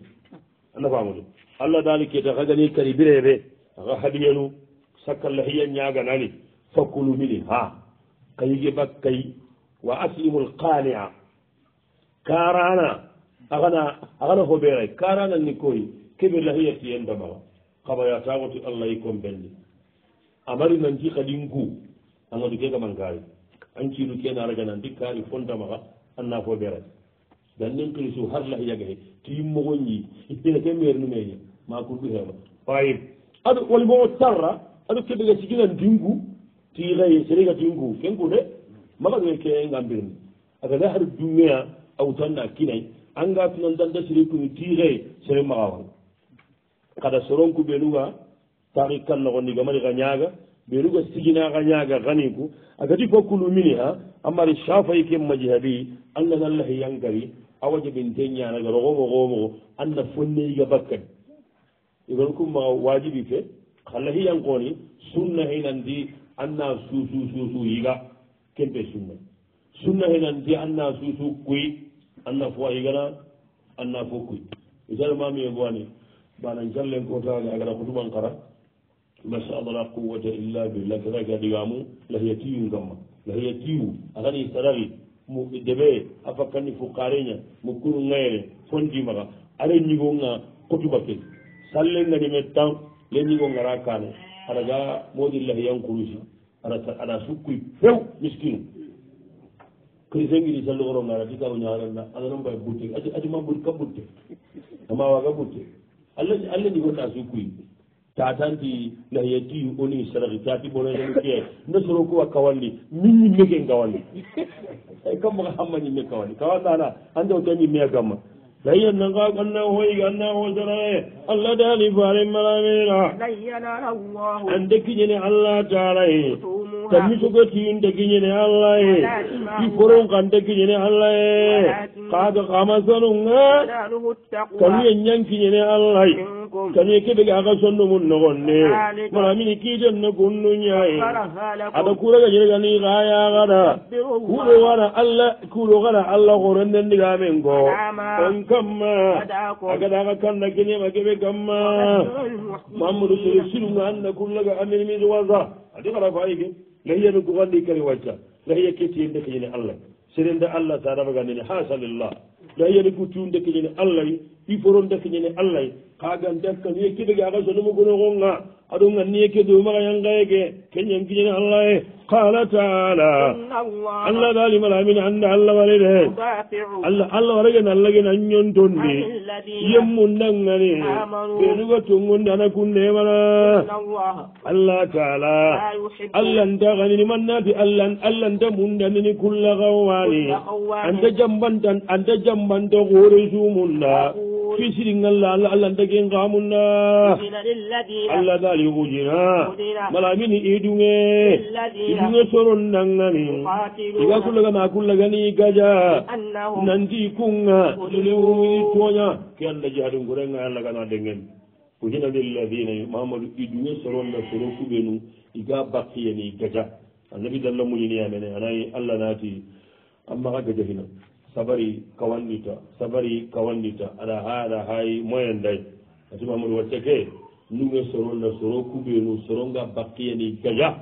anda famude allah dali keta kagani kadi bireɓe aga haɗiyanu sakkalla hiya nani fakulu mili ha kayige bakkayi wa asimu qani'a karana agana agana hoɓeray karana ni koy kebe lahiyati enda ba qaba ya kabayatagoti allah yikom belli amari nan ji ku angadu ke gamankayi ancinu kene aragana ndikkaari fontamaxa anna fo ɓerani dan nen kirisu har lah yaga he ti yimmogo ñi ina ke meernumeña ma kurɗu heema fayi aɗo wali boo tarra aɗo keɓega sigina ndingu ti xaye seriga tingu ken gude maxa ɗoe ke ngambirni aga na har dumea autanna kinay anga finan danda sirikuni ti xaye sere maxawan xada soronku ɓenuga taxi kan noxo ndigamariga ñaaga ɓe ruga siginaka ñaga ganiku agati fokkulu mini ha amari shafayi ken majihadi anganallah yankari awaja ɓen te ñanaga rogomogomogo anna fonneyiga bakkadi igon kumma wajibi fe kallahi yankoni sunna henandi anna susu susu yiga kempe sunna sunna henandi anna susu kuy anna fo yigana anna fo kuy misalmami e gowani banan callenkotaga agata hutuman kara masallah laf quwata illa billah kata gadiwamu lahyatiyu gamma lahyatiyu akati sarari mu debe a fakkanni fukareña mu kuru gayene fondimaka ara ñigo ga kotuba ke salle ganime tan le ñigo gara kane aɗa ga modi lahyan kurusi aɗa sukkuy few miskinu crisen giɗi sallogoro gara ti kao ñaganna aɗanan mbay butte atuma ɓut ka ɓutte ama waga ɓutte allah ñigota sukkuy ta tanti na yetti oni sarahi tati bonoen ke nde soro kuwa kawandi min ñimmeke gawandi ay kam maka hamma ñimme kawandi kawa dana hande o ta ñimmea kamma layya naga anna hoyi anna ho sarae allah dali fare malamera layya lalallah an dekki ñene allah taray e. tammi sogotiinde kiñene allah e ɗi poron kante kiñene allah e kaaga kama sanunga kanu en ñan kiñene allah kanu e keɓe ga aka sonno mun nogonne mala mini kiiten no gunnu ñaye aɗa kuuragañeregani kayaakada kuuɗo wana allah kuuɗo kada allah koro nendigamen ko on kamma agada aka kanna kinema keɓe kamma mamadou sere silunga anna kullaga amen min wasa adi kara fayike gaya no gowanni kari wacca gaya kettiyende keñene allah serende allah sa rabaganene ha salillah gaya no guttiundekeñene allah i foronde keñene allah kagantekka niyekkide ga kasonumu gunogonga aɗum an niyekkedu maga yangayeke kenñan kiñani allah e qala taala allah gaali malamin annde allah warede allah allah waregen allah gen an ñontondi yemmundangani ɓenuga tongonde ana kunnemana allah taala allah nta ganini mannati allah allah nta mundanini kulla kawwani anta jambanta anta jambanta kore sumunda fisiɗingalla allah allah n tagi ngamunna allah daali hujina mala mini iɗuge iɗuge soron nangani iga kullaga ma kullagani gaja nandi kunga ɗuleumii tooña ke anda jihaɗum korenga allah gana dengen hujina lilladina mamadou iɗuge soronna soro kuɓenu iga bakkiyeni gaja annabi dallah muñiniyamene anayi allah naati an maxa gaja hina sabari ka wandita sabari ka wandita aɗa ha aɗa hayi moyen day ati mamadou watte ke ndunge soronda soro kubenu soronga bakkiyani gaja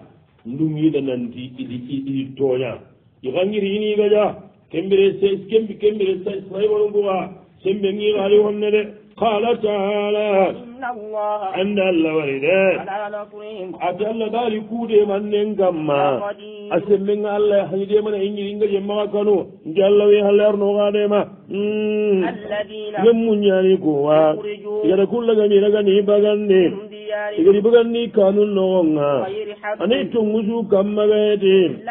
ndun yiɗa nanti iɗi iɗi toña ihangiri yini gaja kembire kembire sa ismaimanu buga sembe gi hali wonne de قال تعالى عند الوالدين أتلا بالي كودي من نجمع أسمعنا الله يحيي من إنجيل إنجيل ما كانوا جل وعلا لرنو غادما الذين يمنيان كوا يا كل جميل غني بغني igiri bugan ni kanun nowon ga ani tungusu kammagayete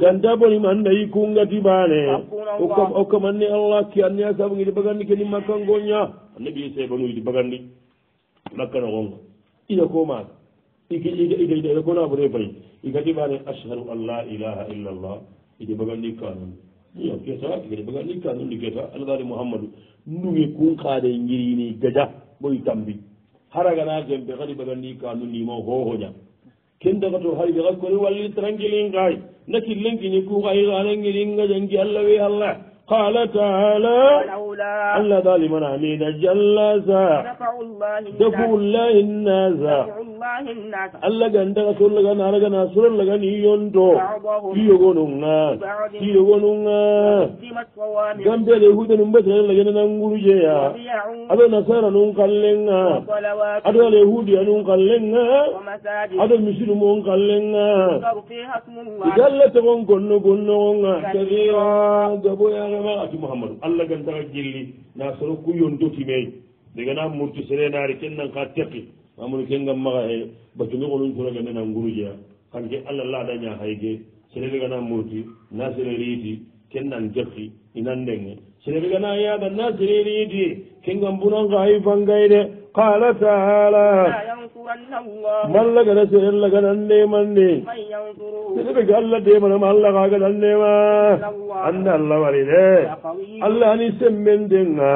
ganta boni manda yi kungati bane o kamanni allah ki anniya sabu ngidi bagandi keni makkango nya annabi isa banu yidi bagandi makka nowon ga ida ko ma ida ida ida ida ko na bure fay igati bane ashhadu an la ilaha illa allah idi bagandi kanun iyo keta igiri bagandi kanun ni keta alqari muhammadu ndugi kun khade ngirini gaja boy tambi haragana gembe hadi badani kanu nimo hohoña kende gato hadi gakkoni walli tranquilin gay na killen kiñi ku hayi ganen ngiringa jangi allah wi allah قال تعالى ل ظالما علينا جلاسا دفو الله الناسا allagandaga sollaga naragana sorallaga ni yonto iyogonunga iyogonunga gambele hudenu mbatenallage nanangurujeya ado nasara nun kallenga ado alehudiya nun kallenga ado misirumon kallenga galle tegon gonno gonnogonga kaira gaboyaga ganta ati mouhamadou allah gantaa jilli na soro kuyon dotimeyi degana murtu serenaari ken nan ka teki mamadou ken gam maga he batumi golun curagene nan guruja kan ke allah ladaña hayge sere degana murti na sere riiti ken nan teki inan denge sere degana yaada na sere riiti ken gam bunanga hay fangayde qala taala malla gada se ella gada nne manne sene be galla de mana malla ka gada nne ma anna allah wali de allah ani semmen denga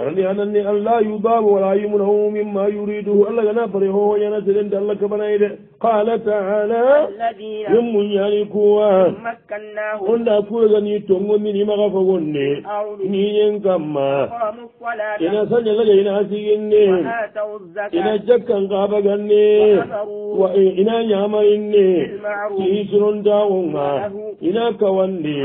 arani ananni an la yudaabu wala yumnahu mima yuriduhu allah gana bare hohoñana sedente allah kabanayi de qala taala yen muñani kuwa onda kuregani tongo mini maxa fogonde niñen kamma ina sañalaga ina siginne ina jakkan kabaganne wa e, ina ñamarinne sii sinontaxonga ina kawandi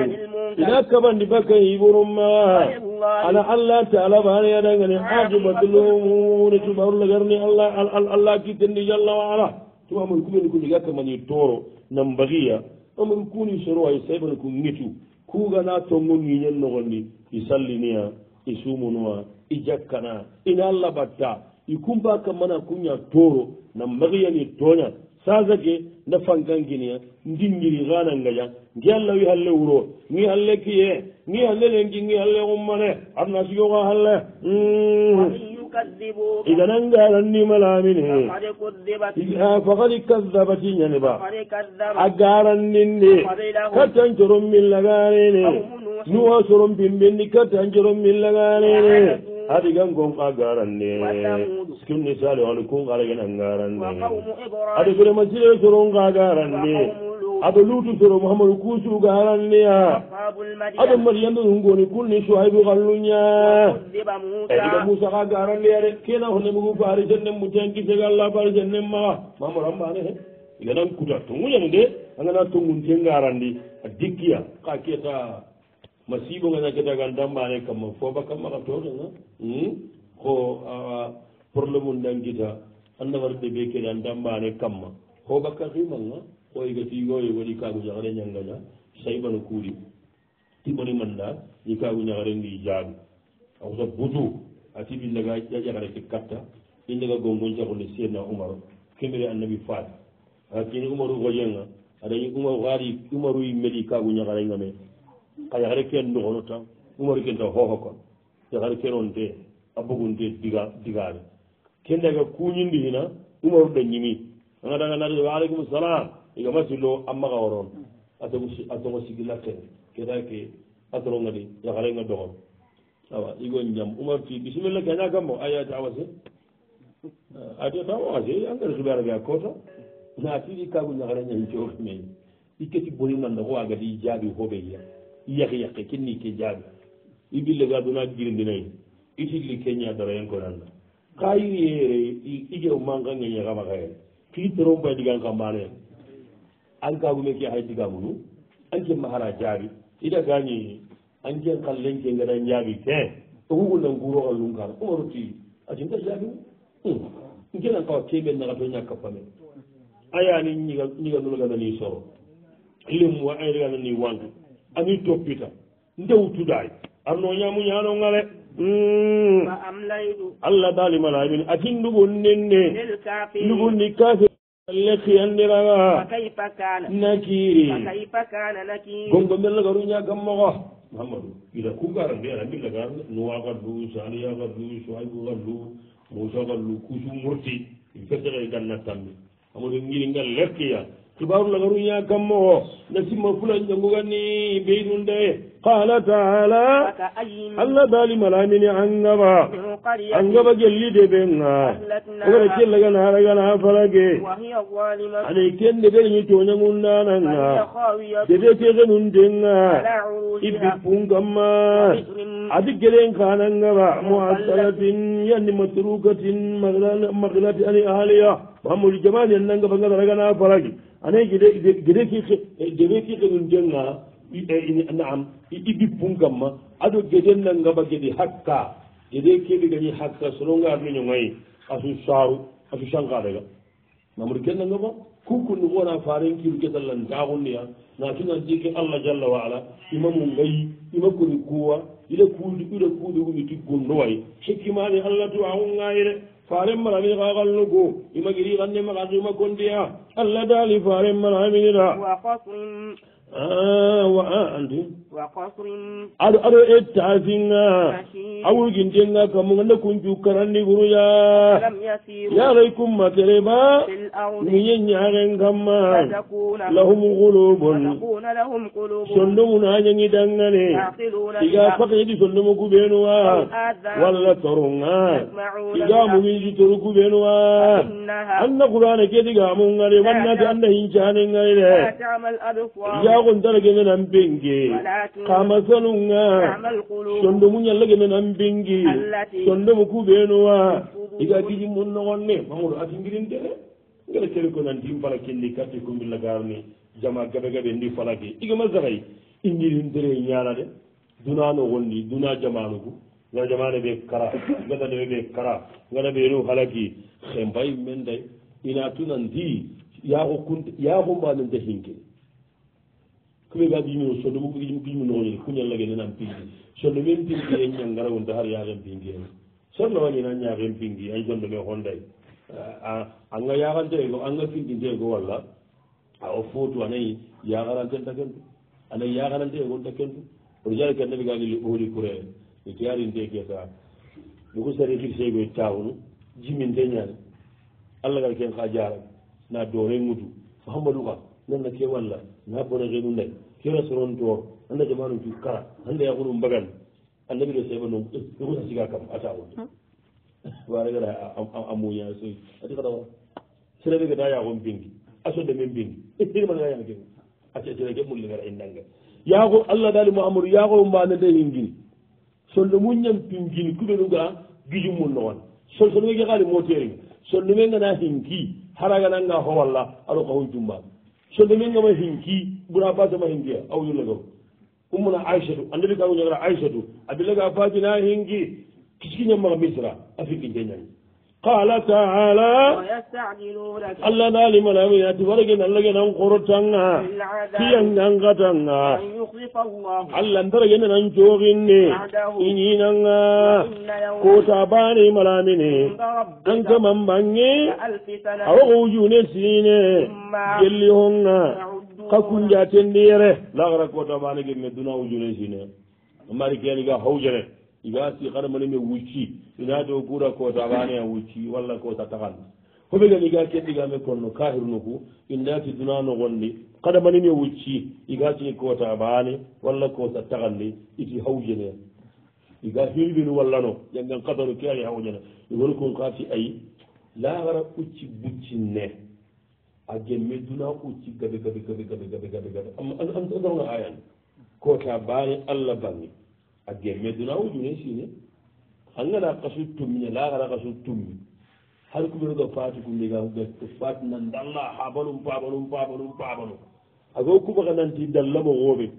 ina kabandi bakka iburummaxa ala allah taala bane yadangani aqibatulumune tubarulagarni allah allah kittendi jalla waala tubamaru kuɓeni ko jigakkamani toro nan bahiya amaru kuni soroway saybana ko ngetu kugana tongon ñiñen nogonni i salliniya i sumunuwa i jakkana ina allah batta i kumba kammana kuña toro nan bahiyani toña sasa ge nda fankankinia ndingiri ganangaja ngi halla wi halle wuro ngi halle kiye ngi halle lenki ngi halle ummane adna sigoka halle mm. iganangarandi malamine fakadi kadabati ñaniba a garandinde kattan coron millaganene nuwa soron bimbindi kattan coron millaganene hadi gan gon ka garande skin ni sale wal kun gara gen an garande hadi kure ma sile suru ka garande ado lutu suru muhammadu ku su garande ya ado maryam do ngoni kun ni shuaibu galunya ado musa ka garande re kena honne mu bari jenne mu tanki se galla bari jenne ma mamu ramba ne yanan kuta tungunya ne de angana tungun tengarande adikia ka kita ma siɓogasa ke dagan dambane kamma foba kamma ka totoa hmm? ko awa probléme ndangita annafarde ɓe keɗan dambane kamma hobakka himalga oyga tigoye waɗi kagu jagare ñangaña saybano kuuri timoni manda ni kagu ñagare ndi jaaɓi awusa butu a tiɓi ndaga ƴaƴagare ke katta i ndaga gongon cakone seedna umaro kemere annabi faat a kini umaru goƴenga aɗañi umaru haari umaru i meɗi kagu ñagarenga me kaya hare ken nogono tan umaro ken tan hoho kon yahare kenon de a bugunde diga digaɓe ken daga kuñindi hina umaru ɗa ñimi a gadaga nade wa aleykum salam iga masillo ammaga oron atogo a togo sigi lattene keta ke atorongadi yaharenga dogono awa igo ñam umaru ti bisimilla keña kambo aya tawase adetawase angar xibarabe a kota na tiɗi kagu ñahareñahi cooɓe me i keti boninganda ko wagadi jaaɓi hoɓe yiya yaki yaki ni ke jaabi bille ga duna girindinayi itilli keña ko dal kay yere je o manga ige mankange ñagama kaye ki toron pay digan kambanen an me ke hay di ga an anke mahara jaabi ida gañi anken kallen ke ngadan jaabi ke ogugunan guroxa lun kan omaruti atinta jaabiu nkenan kawa keɓe naxa to ga ni ayani ñiga nulaganani soro lemu ni wanka ani doppita ndew tuɗaay arno ñaamu ñaano ŋale hmm. allah daalimalaamin a tin ndugun nen ne ndugun ni kafi lexiyandiraŋa nakiri gongo mbel lagaru ñaagam moxo mahamadou ila ku gara mbi ana mbil lagar nuwa gallu saliya gallu soaybu gallu mousa gallu kusu murti fetexe ganna tammi amadu ngiringa lexiya كبار نغرو يا كمو نسي ما فلا نغغني بينون دي قال تعالى هل بالي ملامني انغبا انغبا جلي دي بينا ولا كي لغا نارا غنا فلاغي وهي ظالمه علي كين دي بيني تو نمون نانا دي دي تي غنون دينا ابي بونغما ادي جلين كان انغبا مؤثرات ين متروكه مغلال مغلات علي اهليا وهم الجمال ينغبا غنا فلاغي anan gede gede kiixe nun jenga e, naam i iɓi pun kam ma aɗo gede nangaba gede hakka gede keɓe gañi hakka sonongarno ñongayi asu saru asu sanka daga namoɗo ke nangaba kunkunni wona faren kiru gesa lantagunniya nakina jeke allah jalla wa ala ima mu ngayi ima kori kuwa ila kuudi ila kuudi wumiti gunduwayi hekkimani allah tuwa ungayire faren marami kakan lugu imagiri kanne makasuma kondiya alla dali faren marami nira wa'a andu aɗo aɗo ettasinga awulgintenga kamo ganda kun cukkaranni kuruya yaray kummatere ba mi ye ñaken kamma lahum kulubon sondomunaañangi dangane iga fakeyidi sondomo kubenuwa walla torunga iga mugiji toru kubenuwa anna qurana ke digamungare wannati anna hincanengarede iga ko ndarage men an bengi kama salunga sondo muñallage men an bengi sondo mo kuɓenowa iga kiji mun nogonne mamaru atingirindene ngela cere ko nandi fala kelli katte kombilla garni jama gabe gabe ndi falake igama saray ingirindere ñala de duna no gonni duna jamanugu gana jamane ɓe kara gana ɗeme ɓe kara gana ɓeno halaki xembay men day ina tunandi yaako kunte yaako mbanente hinkel kuɓe gaɓi yimino sodde mo pijimo nogoñini kuñal lage nenan pingi sodde men pingi en ñangara wonta har yaaken pingi en sodna wañina ñaaken pingi ay sonde me hondaye anga yaakanteego anga pingintego walla ao footu anayi yaakaranteta kentu anayi yaakaranteegonta kentu oɗo jare kende ɓe gaani liɓoli kure ni tiyarinte kesa ɗuko sari firsego e tawnu jiminte ñaani allah gal ken ka jarag na doore ngudu fo hambaɗuka nanna ke wallan na fona jeenu nday kera soron to anda jamanu ju kara hande ya gudum bagan annabi do sebe non do ko siga kam ata on wala gara amunya so ati kada wa sere be gada ya gon bingi aso de men bingi e tiri man ya ngi ati ati ke mulli gara indanga ya go allah dali mu amru ya go mba ne de ngi so le munyam pingi ni kube luga gijum mun non so so ngi gali moteri so le men ngana hinki haraga nanga ho walla alo ko jumba so de men gama hinki bura batama hinki aw yullago ummuna aichatu andiri kaoñagara aichatu abilaga batina hinki kiskiñammaga misra afikki jeñani qala taala allana limalamu yati warage nallagenan qorotanga kiyangangatanga allah ntarage nanan coginne iñinanga kota bane malamine anka mambange awogowujune sine gelli honga ka kunjatendiyere lagara kota bane gene duna wujune sine mari kenigaa howjere gasi haramane me wucci inaado gura ko so awaneya wucci walla ko sa tahan hoɓe gani ga keɗɗigame konno kahirnuku innati dunano wonde kada manimi wucci igasi kota bane walla kosa tahande iti hawjene iga hilɓinu wallano jaggan kadano keari hawjene iwoni kon kati ayi lahara ucci bucci ne a gemme duna ucci gabe gabe gabe gabe gabe gabe gabe am garoga ayani kota bane allah bangi a gemme duna wujune sine hangana kasu tummine lahara kasu tummi har kumino ɗo faati ku ndiga ɓe faati nan dalla habanum pabanum pabanum pabanu ago kumaka nanti dalla mo hoɓe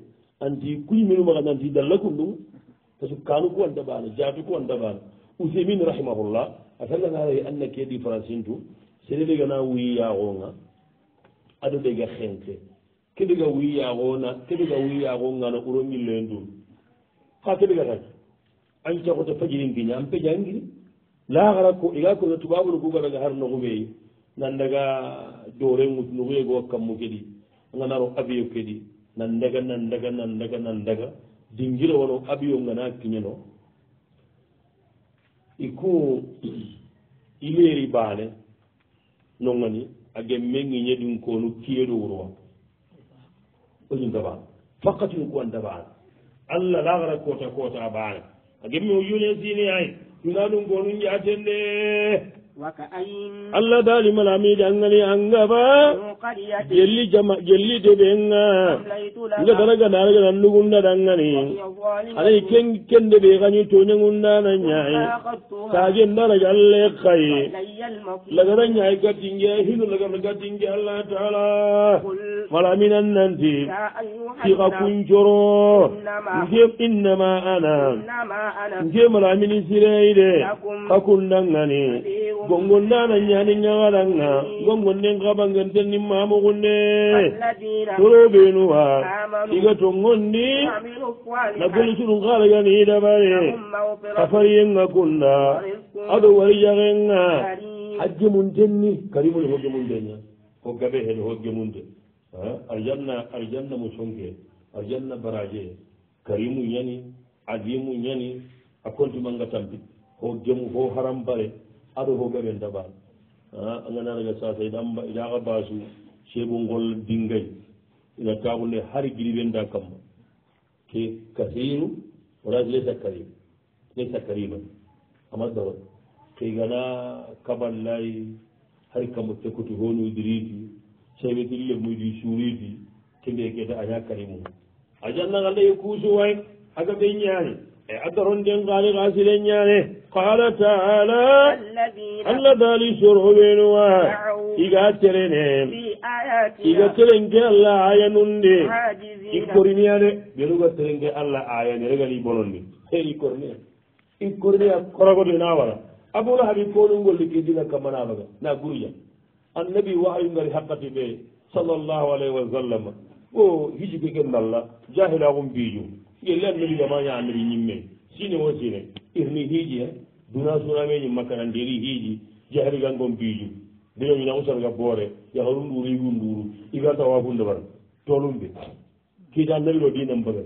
anti kuyminumaka nanti dalla kum ɗum parce que kanu ku wantaɓano jatu ku wantaɓano usemin rahimahullah a tangangaa an na ke différencin tu sere ɗegana wiyyaxonga aɗo ɗega xenke ke ɗega wiyyaxona ke ɗega wiyyaxongano uro ngillen tun ha keɓegataki an cagoto fajirin bi ñam peƴangiri laxara ko ega kono tubaɓolo gugaraga har noxume nandaga dorengut noxuyego wa kammu keɗi ganaro abio keɗi nandaga nandaga nandaga nandaga dingirowono abio ngana kiñeno i ku ileri bane nongani a gemmengiñeɗin konu kiyeɗo wurowa o ñingabaan fakatin ku an dabaana allah lagara koota koota baane a gemmi o yune sine ay yuna ɗum gonum jaten de allah daali malamiɗe angani angaba jelli jama jelli deɓe nga nga tanagandaaragana ndugundat angani anayi ken kende ɓe kañu toñagundana ñaayi taagendanaga allah kay lagana ñaayi gaddingi a hino lagana gaddingi allah taala malamin an nanti siha kuncoro nge innama ana nge malamini sireyi de kakundangani gongon nanan ñani ñagaranga gongon nen kabangen tenni mamugunne toroɓenu wa iga tongondi na goli sudun kalagani dabare kafariyenga kunna ado warijagenga hajje mun tenni karimuni hogge mun tenya ko gabe hen hogge munte aljanna aljanna mu sonke aljanna baraje karimu ñani adimu ñani a konti manga tampi ho gemu ho haram bare aɗo fof ɓeɓen daɓaɗo a gandanaga sasa ɗa ɗaka basu ceebo ngol dinngay ina kaɓo nde har guili ɓenda kamma ke kasiru wonas les sakkarim les sakkariman ama dawat ke gana kaballayi har kamma tekkuti honu diriti sewi dille muydi suuriti kembe keda aña karimum a jannagal ɗa e kuusu way haga ɓe ñaani عبد الرندن قال غاسل يعني قال تعالى الذي شره بينها يقاتلن يقاتلن كلا عينندي يكرني انا يقاتلن كلا عين رجلي بولني خير يكرني يكرني قرغد ناورا ابو لهب يقولون قول لك دينا كما نابغا نا غوريا النبي وحي غير حقتي به صلى الله عليه وسلم او هيجي كي نالا جاهل اغم بيجو yelle annabi gamaña annabi ñimme sine wo sine irni hiiji he duna sunameji makkata ndeeri hiiji jahrigangon biiju dinañina usarga boore yahorum nduuru yigunduuru iganta wafunde bara tolumbe kiita annabi ɗo dinan bagal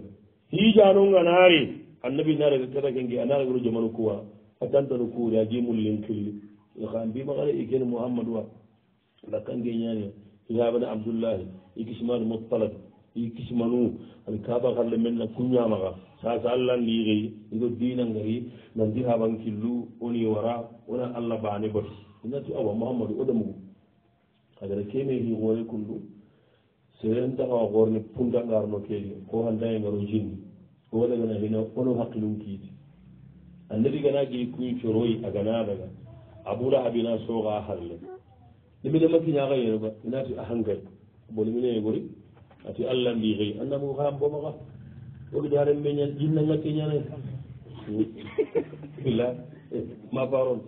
hiija noon a naari annabi naare tata kenge a naarigoto jamanu kuwa a tantano kuuri a jimullin killi ha mbimaala ikene mouhammadu wa bakkangeñaani gaɓane abdoullahi ikismanu mutalab i kisimanu ani kabakalle men na kuñamaxa sasa allahndixi ido dinangayi nandi habankillu oni wara ona allah bane bat inati awa mahamadou o damugu agada keme xixore kundu serentaxawa xoorene puntangarno kege ko xantayengaro jinni owa dagana xina ono xaqilum kiiti annabigana gii kuñ coroy agana daga aboulahabina sooxa harle nimi dama kiñaxa yenoga inati axankay bolimine yegori ati allah mbi hey andamo kam boma ka oɗo jaren ɓe ñan jinna ngakke ñanay illa ma paron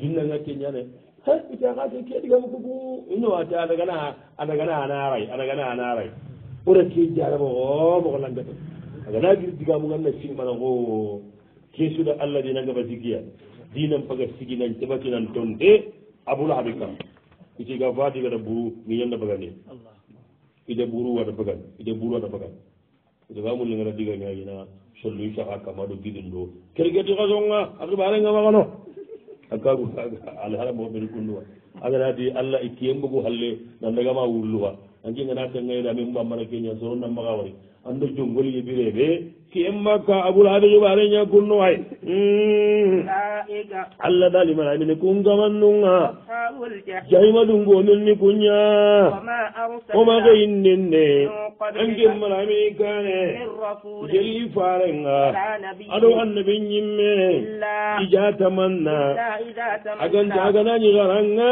jinna ngakke ñanay ha ɓita kase keɗi kam koko ino ati ada gana ada gana anaray ada gana anaray ora ke jarama omoko langgata agana girdigamu ganna simmana ko kesuɗa allah di nangaba sigiya dinan paga siginan tebatinan ton e abulahabi kam itiga fadigata buru mi ñanda bagane allah ide ɓuru waɗa bagan ide ɓuru waɗa bagan ide ga mulle ngara diga ñayina sollu saha kamaɗo giɗin ɗo kergeti xa songa a xibarenga maxano a kagu kaga alharamo ɓeni kunduwa a garadi allah ikkiye mbogu halle nandagama wurluwa anke ngana tengayeda min mbammana keña soronna maxa wari anda jongoli yebi reɓe kemma ka abulhabi xibare ña kunno hay hmm. allah dali maraɓine kun gamannunga jahima dungonen ni kunña oma xeyinnenne angen maramini kane jeli farenga aɗo annabi ñimme ijatamanna aganta aganañi xaranga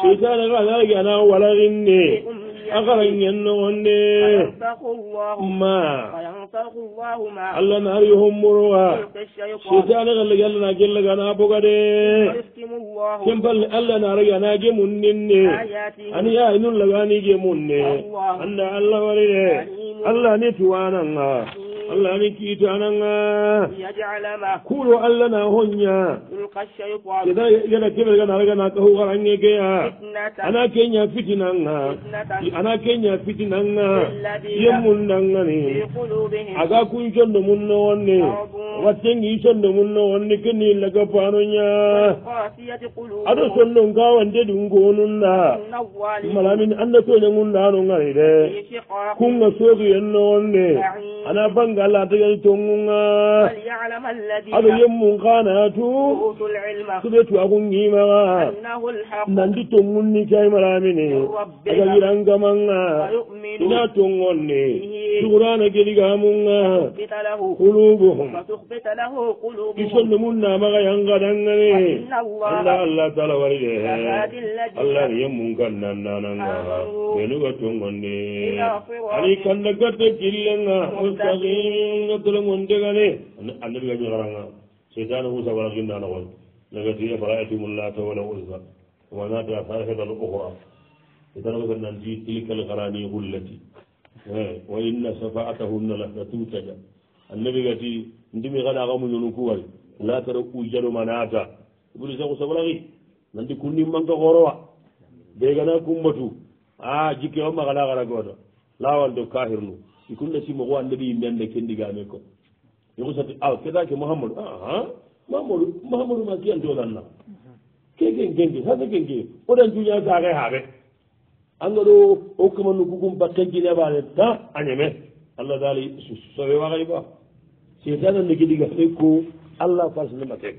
seitane xanaage ana walaxinne a xarangen nogonne ma allah nari hommoroa sheitane kallagi allah na gellagana boga de ken palni allah naragi anage munninne ani yaynun lagani ge munne anna allah wari de allah ni tuwanan a allah amin kiitananga kuuro allah na honya yeda yeda kebel gana aragana kahu arangegeya ana kenya fitinanga ana kenya fitinanga ye mundangani aga kun condo munno wonni wattengi condo munno wonni keni laga panonya ado sondon kawande dungonunda malamin anda koyne ngundanongani de kunga sogu yenno wonni ana banga ga allah ta gani tonga ado yemmun kana tu su be tuwa kun gima ga nandi tongun ni kai maramine aga giran gamanga ina tongon ne sugurana geli gamunga kulubuhum ison ne mun na maga yanga dangane anda allah taala walide allah ni yemmun kana nananga benuga tongon ne ani kanda gata gillenga mustaqim ga tele mon degane annabi ga ñoraga seytane musa wala ginnanoxon nagati faraatimulata wala usa wanata sahedal oxra seytane ko nanti tilkal xarani xullati wa inna safaatahunna laa tutaga annabi gati ndimi xaɗaxa muñonu kuway latara ujanomanata ibri sa xusabalaxi nanti kunni manke xoorowa begana kumbatu a jikkexo maxaɗa xaɗa goota lawanto kaxirnu i kunna si mogo annabi yimɓeannde kenndigaame ko yogusati a ah, kedake mouhamadou aa ah, mamadou mahamadou ma kiyan joɗanna ke ken kenke sase kenke oɗan juña saake haɓe anga ɗo o kamanu gugum bakke jinabane ta a ñeme allah daali sowe waxay ba setananne kedigaame ko allah farsenemateg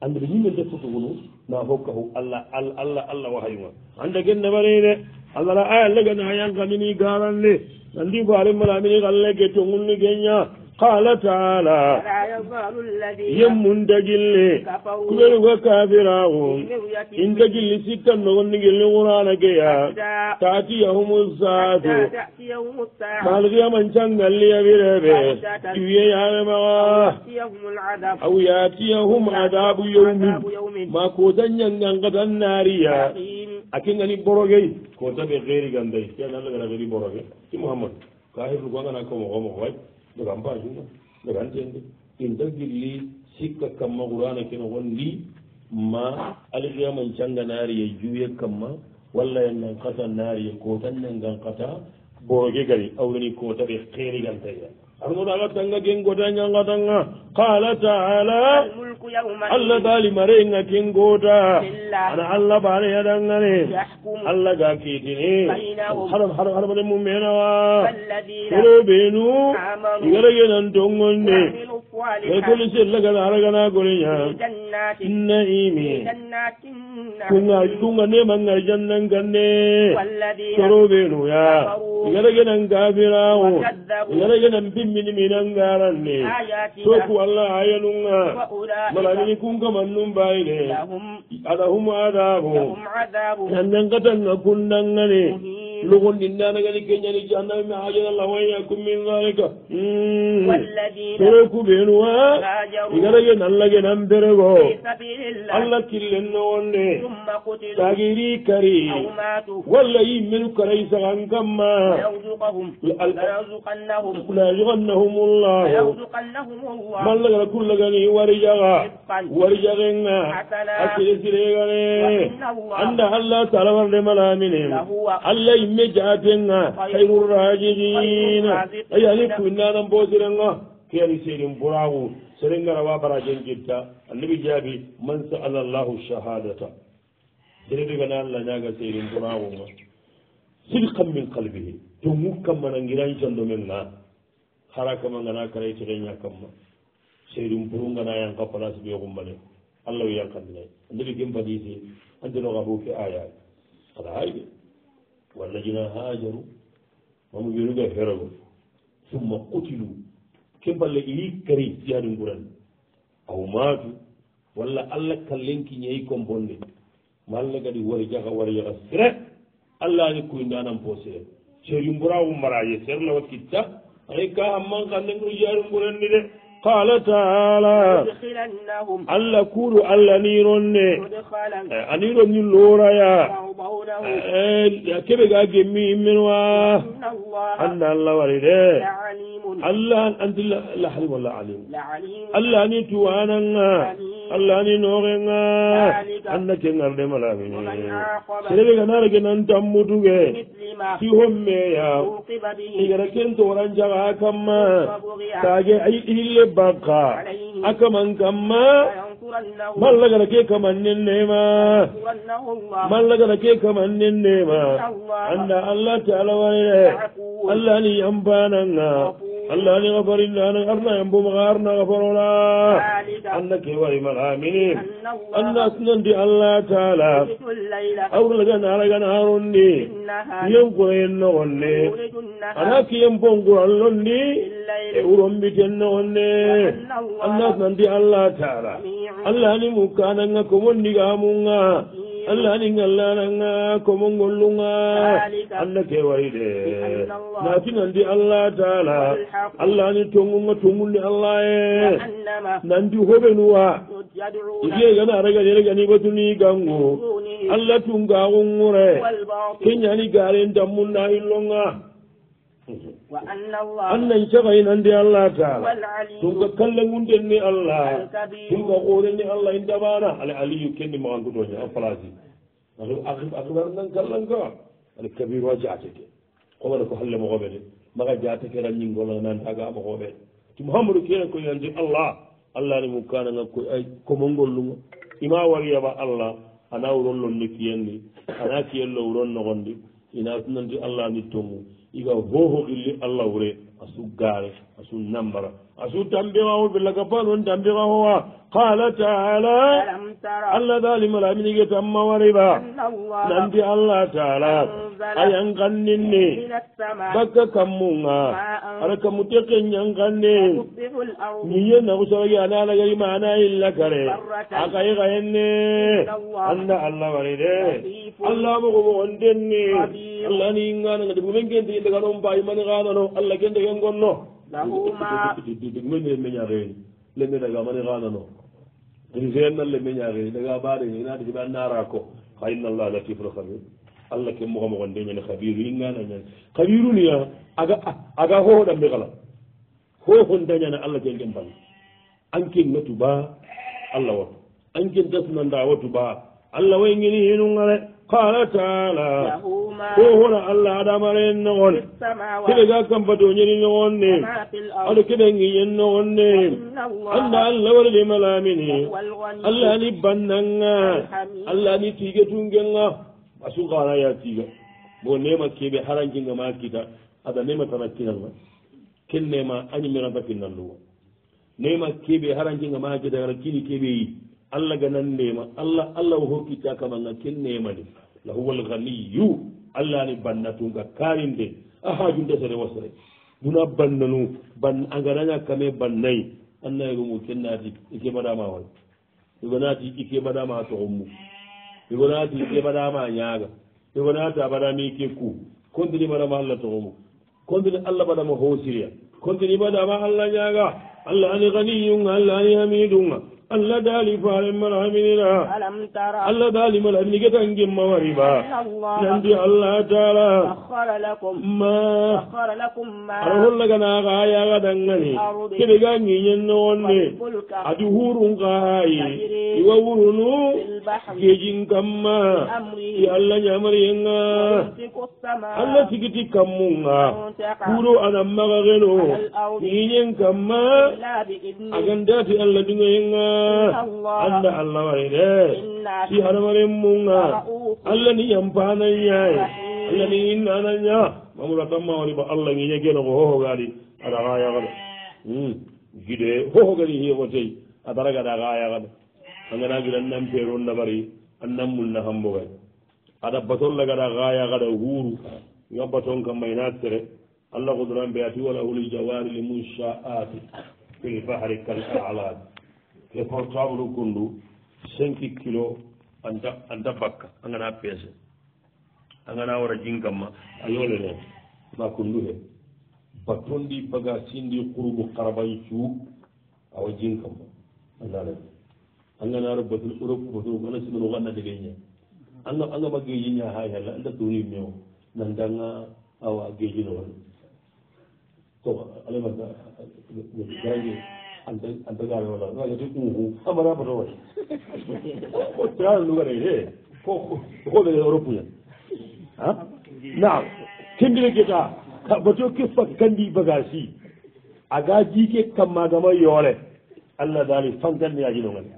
andeɓe ñimmen de fotugunu na hokkahu allah allah allah waxayuma ande gennemarede allah la aya legana hayankamini garanle nandi baarimmana amini kalle ke tongulni geña قال تعالى يمن دجل كبير وكافراهم إن دجل ستا نغن جل قرآن كيا تأتيهم الساعة مالغي من شنغل لي بربه يوية يا مغا أو يأتيهم عذاب يوم ما كوتا ينغن قد النارية أكين غني بروغي كوتا بغيري غندي كيان الله غير بروغي محمد كاهر لغوانا كمغمغ واي nde kam mbajuma nde kan jende in dagirli sikka kamma qurana kene wonndi ma alqiyama en cangganaari ye juuye kamma walla en nan kasa naari ye kootan nen ngan kata boroge gari awreni koota ɓe xeeni gantaya arnuɗaga tanga kengota ñangatanga qala taala allah baali marenga kengota ana allah baale yaɗangane allah ga kiitini haɗaɗaɗaɗe mum menawa solo ɓenu igarage nan tongonde kaykoli sellagana aragana goleña naimi kunga nemanga jannan kanne soro ɓenuya igarage nan gafirawo igarage nan bim timmini minan garanne soku alla ayanunga malanini kunkamannun bayine alahum adabu nannangatanga kunnangane lugon dinna na gani kenyani janna mi haja la waya kum min zalika hmm. walladina ko benu wa igara ge nan lage nan bere go alla killen no wonde tagiri kari wallahi min karai sagan kamma yazuqannahum la yazuqannahum allah yazuqannahum allah mal lagara kul lagani wari jaga wari jagenga akil sire gane anda allah talawar de malamine allah mi jaatenga hayrurajiriina ay ani kuinnanan boosirenga ke ani serin burawu serengarawa barajen jitta annabi jaabi man sa'ala llahu shahadata sereregana allah ñaga serin burawunga sidkan min kalbihi to ngukkammana ngiran cando menga hara kama ngana karayitere ña kamma serin burungana yanka place ɓe xumbane allah wi yankandinayi annabi gem fadise antenoxa fo ke ayaye ala hayde wallajina hajaru mamu yonuga e ferago summa kutilu keballe ini kari jihadu ngurani aw matu walla allah kallenki ñayi kon bonde malla gadi wari jaha wari jaha sire allah ani kuyindanan po seer seeri mburawu maraye serlawa kitta ay ka amman kandengro jihadu ngurandi de qala taala allah kuuru allah niron ne aniron ni looraya قوله كبه قاقي مين منوا أن الله وري ده الله أنت لا حليم ولا عليم الله أني توانا الله أني نوغينا أنك نار دي ملابين سيدي كنار كن أنت أموتوك سي هم ميا إذا كنت ورانجا أكما تاجي أي إلي باقا أكما أنكما man lagana ke kaman nin nema man lagana ke kaman nin nema anda allah ta alawane allah ni yambananga allah ani gafarinna anan arna yambo maga arna gafarona anna ke wari maga mini anna asnandi allah taala aurlagan aragan harondi yenkoyen nogonne ana ke yenponguranlondi e urombiten nogonne anna asnandi allah taala allah ani mukka anan ga komondigamunga allah aningallananga komo ngollunga anna kewayde natinandi allah taala allah ani tongunga tongunni allah e nandi hoɓenuwa ifiegana aragaderegani batuni gangu allah tungagungure kenyani garen dammunnahillonga annan cakayin andi allah taala tunka kalle ngunden ni allah tunka kuren ni allah in dabana ala aliyu kenni maangutoña a placi akibar nan kallan ka ala kabiru a jateke kobane ko halle mogoɓe de maga jateke ra ñingola nantaga mogoɓe ti mouhamadou kene koy andi allah allah ni mum kananga koy ay komongollunga ima wariyaɓa allah ana wuronlonni kiyenni ana kiyenlo wuron nogondi ina nandi allah ni tomu iga hoho ille allah wure asu gaare asu nambara asu tambira o villaka panon tambira howa qala taala allah dalimalaminige tamma wariba nandi allah taala ayankanninni bakka kammunga ara kamute kenyankanni niye nakusarage ana alagari mana illakare akayi kayenne anda allah waride allah mogomogondenni allah niinganaga dibumenkentiindagano mpayimani ganano allah kendegengonno ndaxumameñe meñaree leme daga mane xanano gena leme ñaree daga baɗe inaati keɓa nara ko xa inna llah latif ro xabir allah ke moxomoxon deñane xabiru inganaña xabiruniya aga aga xooxoɗa mbexala xooxon dañana allah ken ken mbala anken na tuba allah watu anken tasna nda watuba allah wayngeni xenungale qala taala ko hono allah adamaren nogon keɓe ga kampato ñeri nogonne aɗo keɓe giñen nogonne anda allah warali malamini allah ani bannanga allah ani tiga tungenga asu qala ya tiga bo nema keɓe harankinga ma kita aɗa nema tana kinalma ken nema añimiranta pinnalluwa nema keɓe harankinga ma kita gara kini keɓeyi allah ga nan nema allah allah o horkitta kamanga ken nemanin la huwa alganiyu allah ni bannatunga karinde a haju ndesere wasere duna bannanu ban angananya kame bannayi annayegomu ken naati ikebaɗamawal egonaati ikebaɗama toxommu egonaati ikebaɗama ñaaga egonaati abaɗami ike ku kontini baɗama allah toxomu kontini allah baɗama hosiriya kontini baɗama allah ñaaga allah ani ganiyunga allah ani hamidunga الله دالي فعل مرامننا الله دالي مرامن كتنج موربا نندي الله تعالى سخر لكم ما سخر لكم ما أرهل لك ناغا يا غدنغني كده غني ينوني أدي غاي قاهاي إيوه يجين كم ما يا الله مريم الله تكتي ما كرو أنا مغغنو ينين كما أغنداتي الله دنيا anda allah warede si hadamaren muga allah ni yampananyay allah ni innananya mamura tammawari ba allah ni yegeno hmm. ko hohogadi aɗa gayagada gide hohogadi hiko tey adaragaɗa gayagada agana gida nan peronna bari annan mulna hambogay aɗa batolla gaɗa gayagada huru ga baton kam mayna sere allah kudoran be ati wala huli jawari li munchaati fi lbahri kal alaad e portable gonndu cinq kilo a da bakka a ngana peese a ngana wara jinngam ma a yolere ma ko nduhe ba tonndi baga sinndi qurubu karabay cuu awa jinngam ma a ndare a nganaro batul europe batul ana simano ganna dege ña aga a nga ma geeji ña ha yalla anda tuni mew nandanga awa geeji no wan to alemaa jange an ta jaabi wala ɗum a yetti uhu a mbaɗa boto waɗi tan ɗum waɗa he fo hooɓe europe ñen a naam kendire geta bato kefa kandi bagage si aga jiike kammagama yoore allah daali fantanni aji ɗo ngani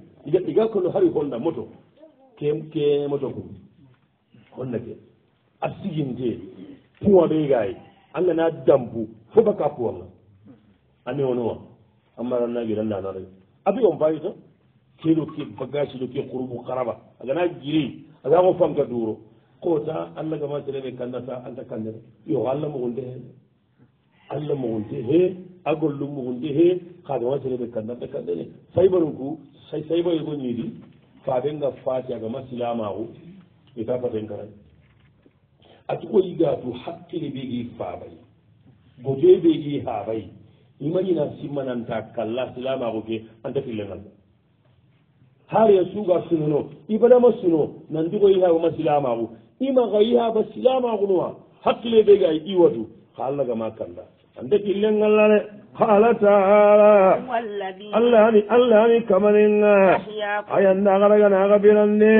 iga kono hari honda moto ke ke moto ko honda ke absiginte point ɓe gayi angana dampu fo baka poitma ami onowa amara nagiran nanare abi on bayto kedo ke bagage do ke qurubu qaraba agana jiri aga ko fanka duro ko ta alla gama tere kannata anta kannere yo alla mo gonde he alla mo gonde he agol dum mo gonde he kada wa tere kannata kannere saybaru ku say saybaru ko nyidi fa den ga faati aga masilama ko e ta faten kara atugo yigatu hakkili bigi faabay go be bigi haabay imañina simmananta kalla silamaxu ke anta filleŋal har ya suga sunono ibanama suno nandiko yihaɓama silamaxu imaxa yihaɓa silamaxunuwa hakkile bega i iwatu ha allagama kalla anta killeŋallane qala taala allahni allahni kamaninga ayanda xaraganaxa birande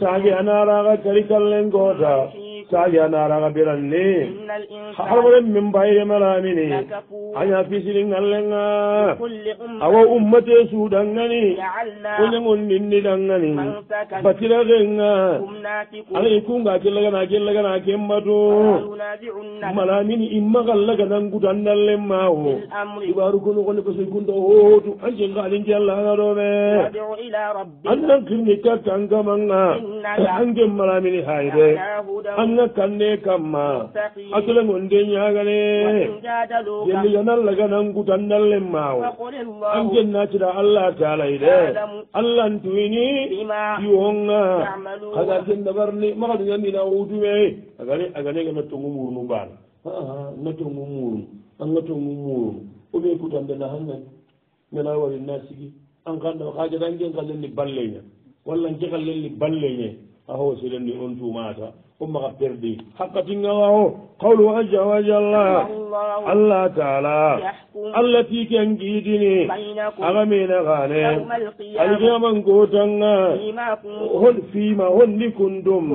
taage anaraxa kari kallenkota saagiyanaaraga biranni haramaren min bayremaramini aya fisiringallenga awa ummate suudangani kuñengonninni dangani batiragenga alai kunga killagana killagana kembatu malamini imma gallaganangutannallen mawo ibarukunu goni kosikunto hootu ancengalinki allahagadome annan kirni kattankamanga angen malamini hayde nga kan ne kamma atole ngo nde ñagale yelli yanan laga nan ngutan dallen maawo an kennacida allah taalay de allah n tuyini iwonga kaga ken dabar ni maxatunga mina wutume agani aganenga na tongu murunu baana na tongu murun an nga tongu murunu obe kutan de naxangani mena warinna sigi an kanda xajata nken xallen ni balleña walla nke xallen ni balleñe axo wasilen ni on tumaata umaka berdi hakkatingawa o qawlu aja wajalla allah taala allah ti ken kiidini aga mina gane alkiyaman gotanga hon fima honni kundum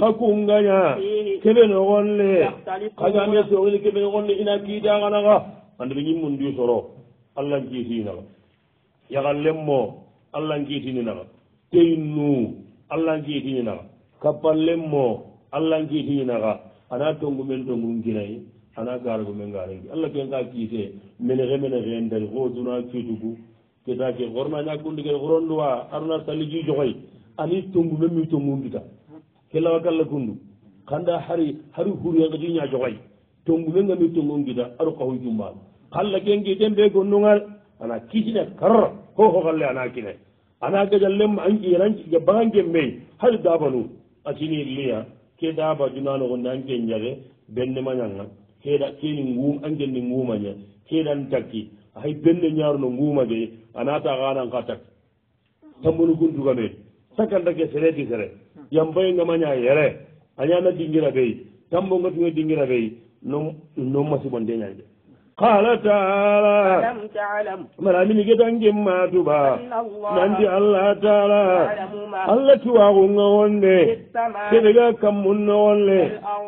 ka kungaya kebe nogonle kagame sogini kebe nogonle ina kiidaganaga andiɓe yimmundi soro allah n kiitinaga yagallenmo allah n kiitininaga teinnu allah n kiitininaga kappallenmo allah n kiitiinaxa ana tongu men tongu nginayi ana gaarugu men gaarengi allah ke nga kiite mene xe mene xeen dari xo duna cuutugu keta ke xorma ñakundikene xuronduwa aduna sali ji joxoy ani tongu men mi tongu ngita ke lawa galla kundu xanda xari xari xurenxa ji ña joxoy tongu men nga mi tongu ngita aru xaxuy cumbaan xalla ke ngiiten ɓe gonnunga ana kiitine kar ko xoxalle ana kine ana gajal lem an ki anan ki baxangem mey xar dabanu a sini liya ke daba junano gonde an ken ñade benne mañanga keɗa keni gum angenni gumaña keɗan takki hay benne ñaru no gumage anata ganangka takki tambonu guntugamen sakandake sereti sere yambayngamaña yere aña na dingira ɓey tambongatunge dingira ɓey no no masibonteñade qala taala maraanimi getangin maatuba nanti allah taala allah tuwaaxunga wonde kenega kammun nowonle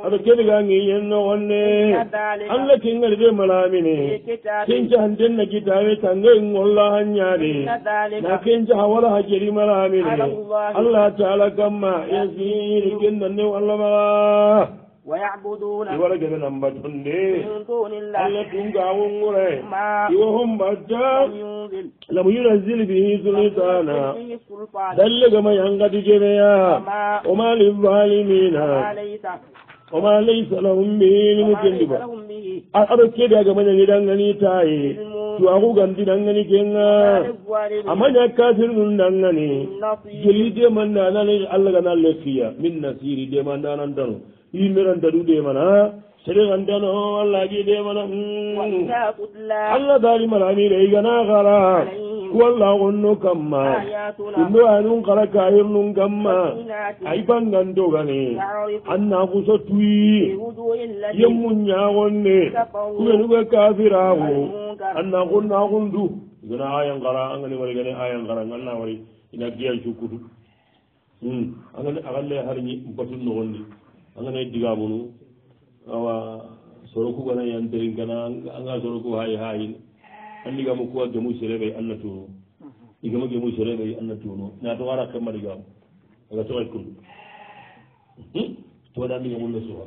ato kenega ngiyen nowonne allah kengarite maraamini kencahanten na kitaabe tangain ngolla han ñaadi na kencaha wala ha jeri maraamini allah taala kamma yasiri kendanne wallamaxa iwara gebe na mbajonde alla tungawongore iwa ho mbajja lamu yunazil bihi sultana dalle gama yangati jeneya oma lilvalimina oma laysa lahum bihi limukendi ba aɓe kede agamañangi ɗangani taye tu aku gandi ɗangani kenga amaña kafir num ɗangani jeli demandanani allah gana lekkiya min nasiri demandanantanu yimmiran daɗuɗe man ha seɗe gandano o allahji de mana allah daali man amira igana kara ku allah gonno kamma inno anun kara kayirnun kamma ay bangando gane anna kuso tuyi yemmunyagonne kumenuga kafirawo anna gonna gundu igana ayan kara angani wari gane ayan kara ganna wari ina giyan cukkutu hmm. agalle harñi mbatunnogonni angana digamunu awa soro kuganayantirin kana anga soro ku hay hayin andigamu kuwa gemu sereɓey anna tuno igama gemu sereɓey anna tuno nato ara kemma digamu aga toxay kundu hmm? toda andigamunle suwa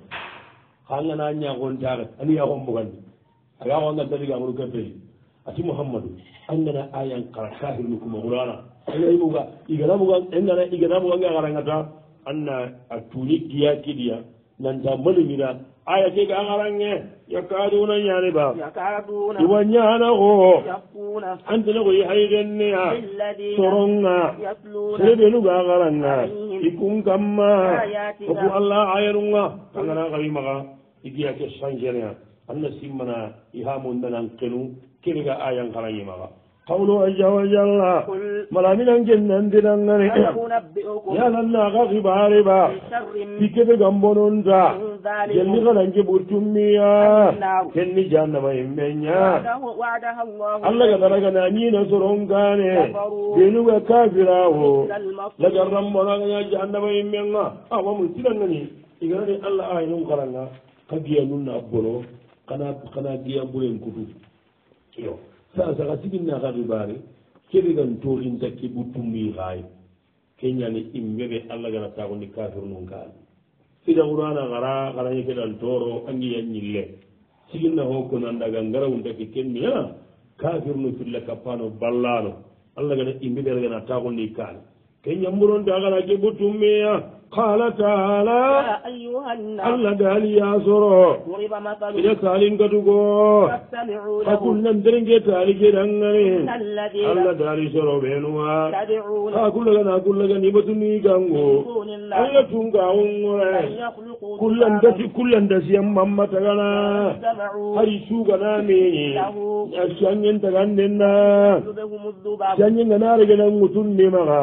kangana ñagontaxe andi yaxon bugandi agaxoangata digamunu kepeyi ati mouhamadou angana ayan kara kafirnu kuma xurana aga i buga iganabuga engana iganabugange xarangata anna a tuni diya kidiya nanta malumira aya kega aarange yakaduna ñane ba iwa ñanaxo antenakoyi hayrenneya soronga serebenuga aaranga ikun kamma oku allah ayerunga angana xawimaxa igiya ke changerea anna simmana ihamundanan kenu kenega ayan xaranyemaxa قول أجا وجل ملا من أنجن أنتنا نري يا لنا غاقب عربا في كده جنبون انتا جل غلا نجيب ارتمي كن نجان ما يمين الله قد رجل أمين سرون كاني بينو كافراه لجر رمونا غيا جان ما يمين أما مرسل أنني إغراني الله آينون قرانا كبيا ننا أبولو قنا قنا قيا بولين كتو sasaxa siginna xaribaari keɓegan toxinta ke ɓuttumi xaay keñani im weɓe allah gana taxundi kafirnun kaan sidaxurana xara xarañe keɗan tooro a ngiya ñille siginna xookonandaga ngarawunta ke ken mi'a kafirnu filla kappano ballano allah gana imɓeɓe ragana taxundi kaan ke ñamburonte a xana ke ɓuttummea قال تعالى اللدال ياسرو إذا سالين كتوكو فكل ندرين كي تاريكي دنغرين اللدال يسرو بينوا فأكل لك نأكل لك نبتني كنغو أن يتونك أمور كل ندسي كل ندسي أمام تغنى هاي شوك نامي أشانين تغنين شانين نارك نمتني مغا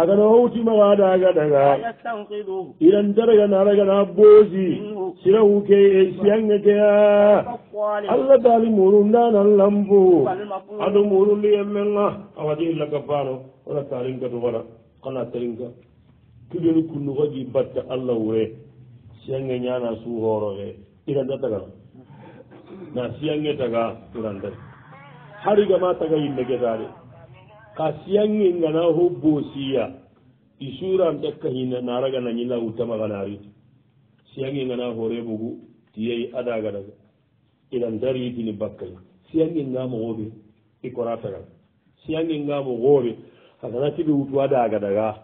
أغنى أوتي مغا داغا داغا iran daraga naragana boosi sirawuke siyangekeya allah daali muru ndanan lambu ado muru liyemenga awadi illaka bano wala taringkatu fana kana taringka kidini kunnugoji batta allah wure siyange ñana su horoke iranta tagana na siyange taga iranta harigama taga yimme ketade ka siyange ngana ho boosiya i suran ɗekka hina naraga na ñilla wuttamaganariti siyangingana horebugu tiyei adagadaga ilan daritini bakkay siyangingamogoɓe i koratagal siyangingamogoɓe hakana tiɓe wutu adagadaga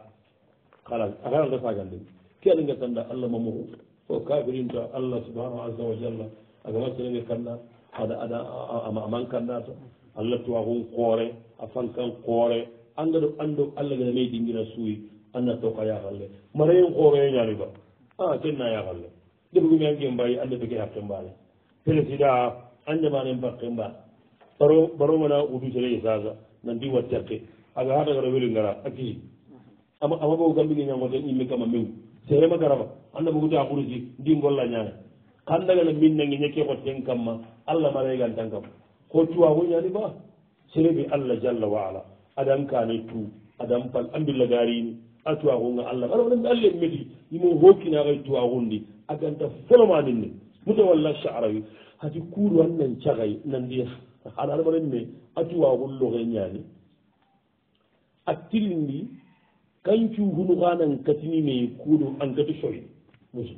alas akanan tasagande kenange tanda allah mamogu o kafirinta allah subhanahu asa wa jalla agama serenge kanna ada ada aman kannata allah tuwagun koore a fankan koore angaɗo ando allah gana mai dingira suyi anna toka yakalle marayen koroye ñani ba a kenna yakalle defgumian ke mbayi anda beke hakke mbale présida anjamanen pakke mba baro baromana udu seree sasa nandi wa terke aga hatagara weli ngara a kisi ama ama bogo gambige ñangote imme kama mew serema garaba anda bogota kurusi ndi ngolla ñane kandagana minnage ñake xotten kamma allah marayegantan kam ko tuwa ko ñani ba serebe allah jalla wa ala adan kane tu adan pal ambillagarini a tuwaxunga allah ala wona alle meti imo hokkinaxay tuwaxundi a ganta folomanin ne muta walla sharawi hati kuuru an nan caxay nandi ana adamaren me a tuwaxulloxe ñani a tirindi kan cuuxunuxanan katinime kuuru an gatu soy muso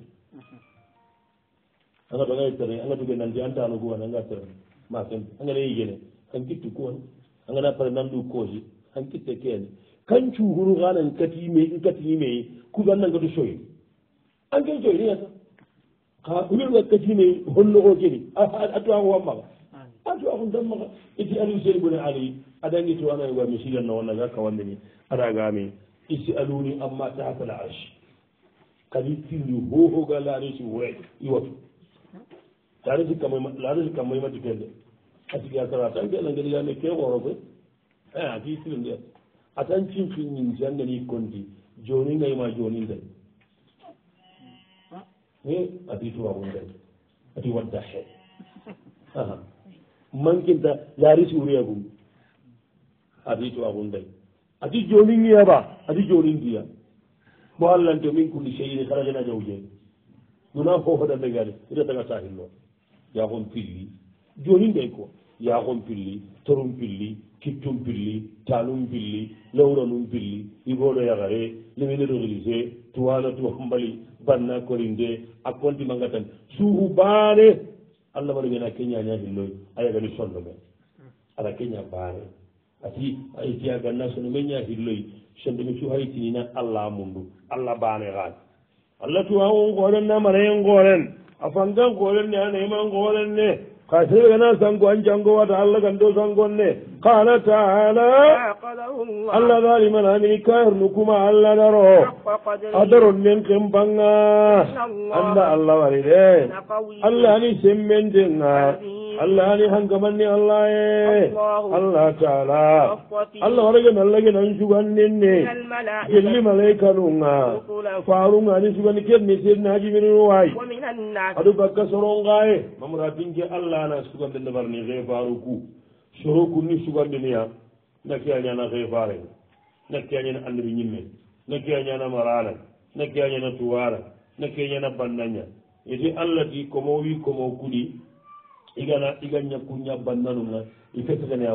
a ga tonga tere a ga tuge nandi an tano guwan anga tere ma ken a ngana yigene xan kittu kuwan a ngana pare nandu koosi xan kitte kene kancu huru ganan kati me kati me ku ganan ga to soy an ke soy ne ka umir ga kati me hollo o kini a to an wamma a to an damma iti alu sey bone ali adangi to ana wa mi sigan no naga ka wande ni ada ga mi isi aluni amma ta ta la ash kadi tindu ho ho ga la ni su wa i wa tare ji kamai la ji kamai ma tikende a tikya tara tan ke nan ga ni ga ne ke woro ko eh a ti sirin dia atan cinfinñin jangani kondi joni ngayma joni ngay e eh, ati tubabu ngay ati wadda he mankinta yarisi wuriyagum ati tubabu ngay ati joni ngiyaba ati joni ndiya bo allante min kundi seyini karagina jawje duna fofoda megali itataga sahillo yakon pilli joni ngay ko yakon pilli torum pilli kittum pilli talum pilli lawranum pilli igoɗo yagare limine réglise towana tuwambali banna korinde a contimanga tan suhu baare allah waɗa mena keñaña hilloy a yagani sonno men ara keña baare ati aytiya ganna sono meña hilloy sondeme su haytinina allah mundu allah baane xaan allah tuwa ngoren namarae ngoren afangan ngoren ne anayima ngoren ne ha sirga gana sango an jango wata allah kan do sangon ne qala taala allah dali man amini kar nu kuma allah daro adaro men kem banga anda allah wari de allah ani semmen de na allah ani han gamanni allah e allah taala allah waragen allahgen an suganninni gelli malaika nunga farunga ani sugani ken mi sedni hajimirin way aɗu bakka soronngaye mamra binke allah ana suganɗe ndabarni xe faru ku soro kunni suganɗiniya nakke añana xe fare nakke añana andiri ñimme nakke añana marana nakke añana tuwara nakke añana bannaña eti allah ti komo wi komo kuɗi igana iga ñakku ñabban nanuga i fetatane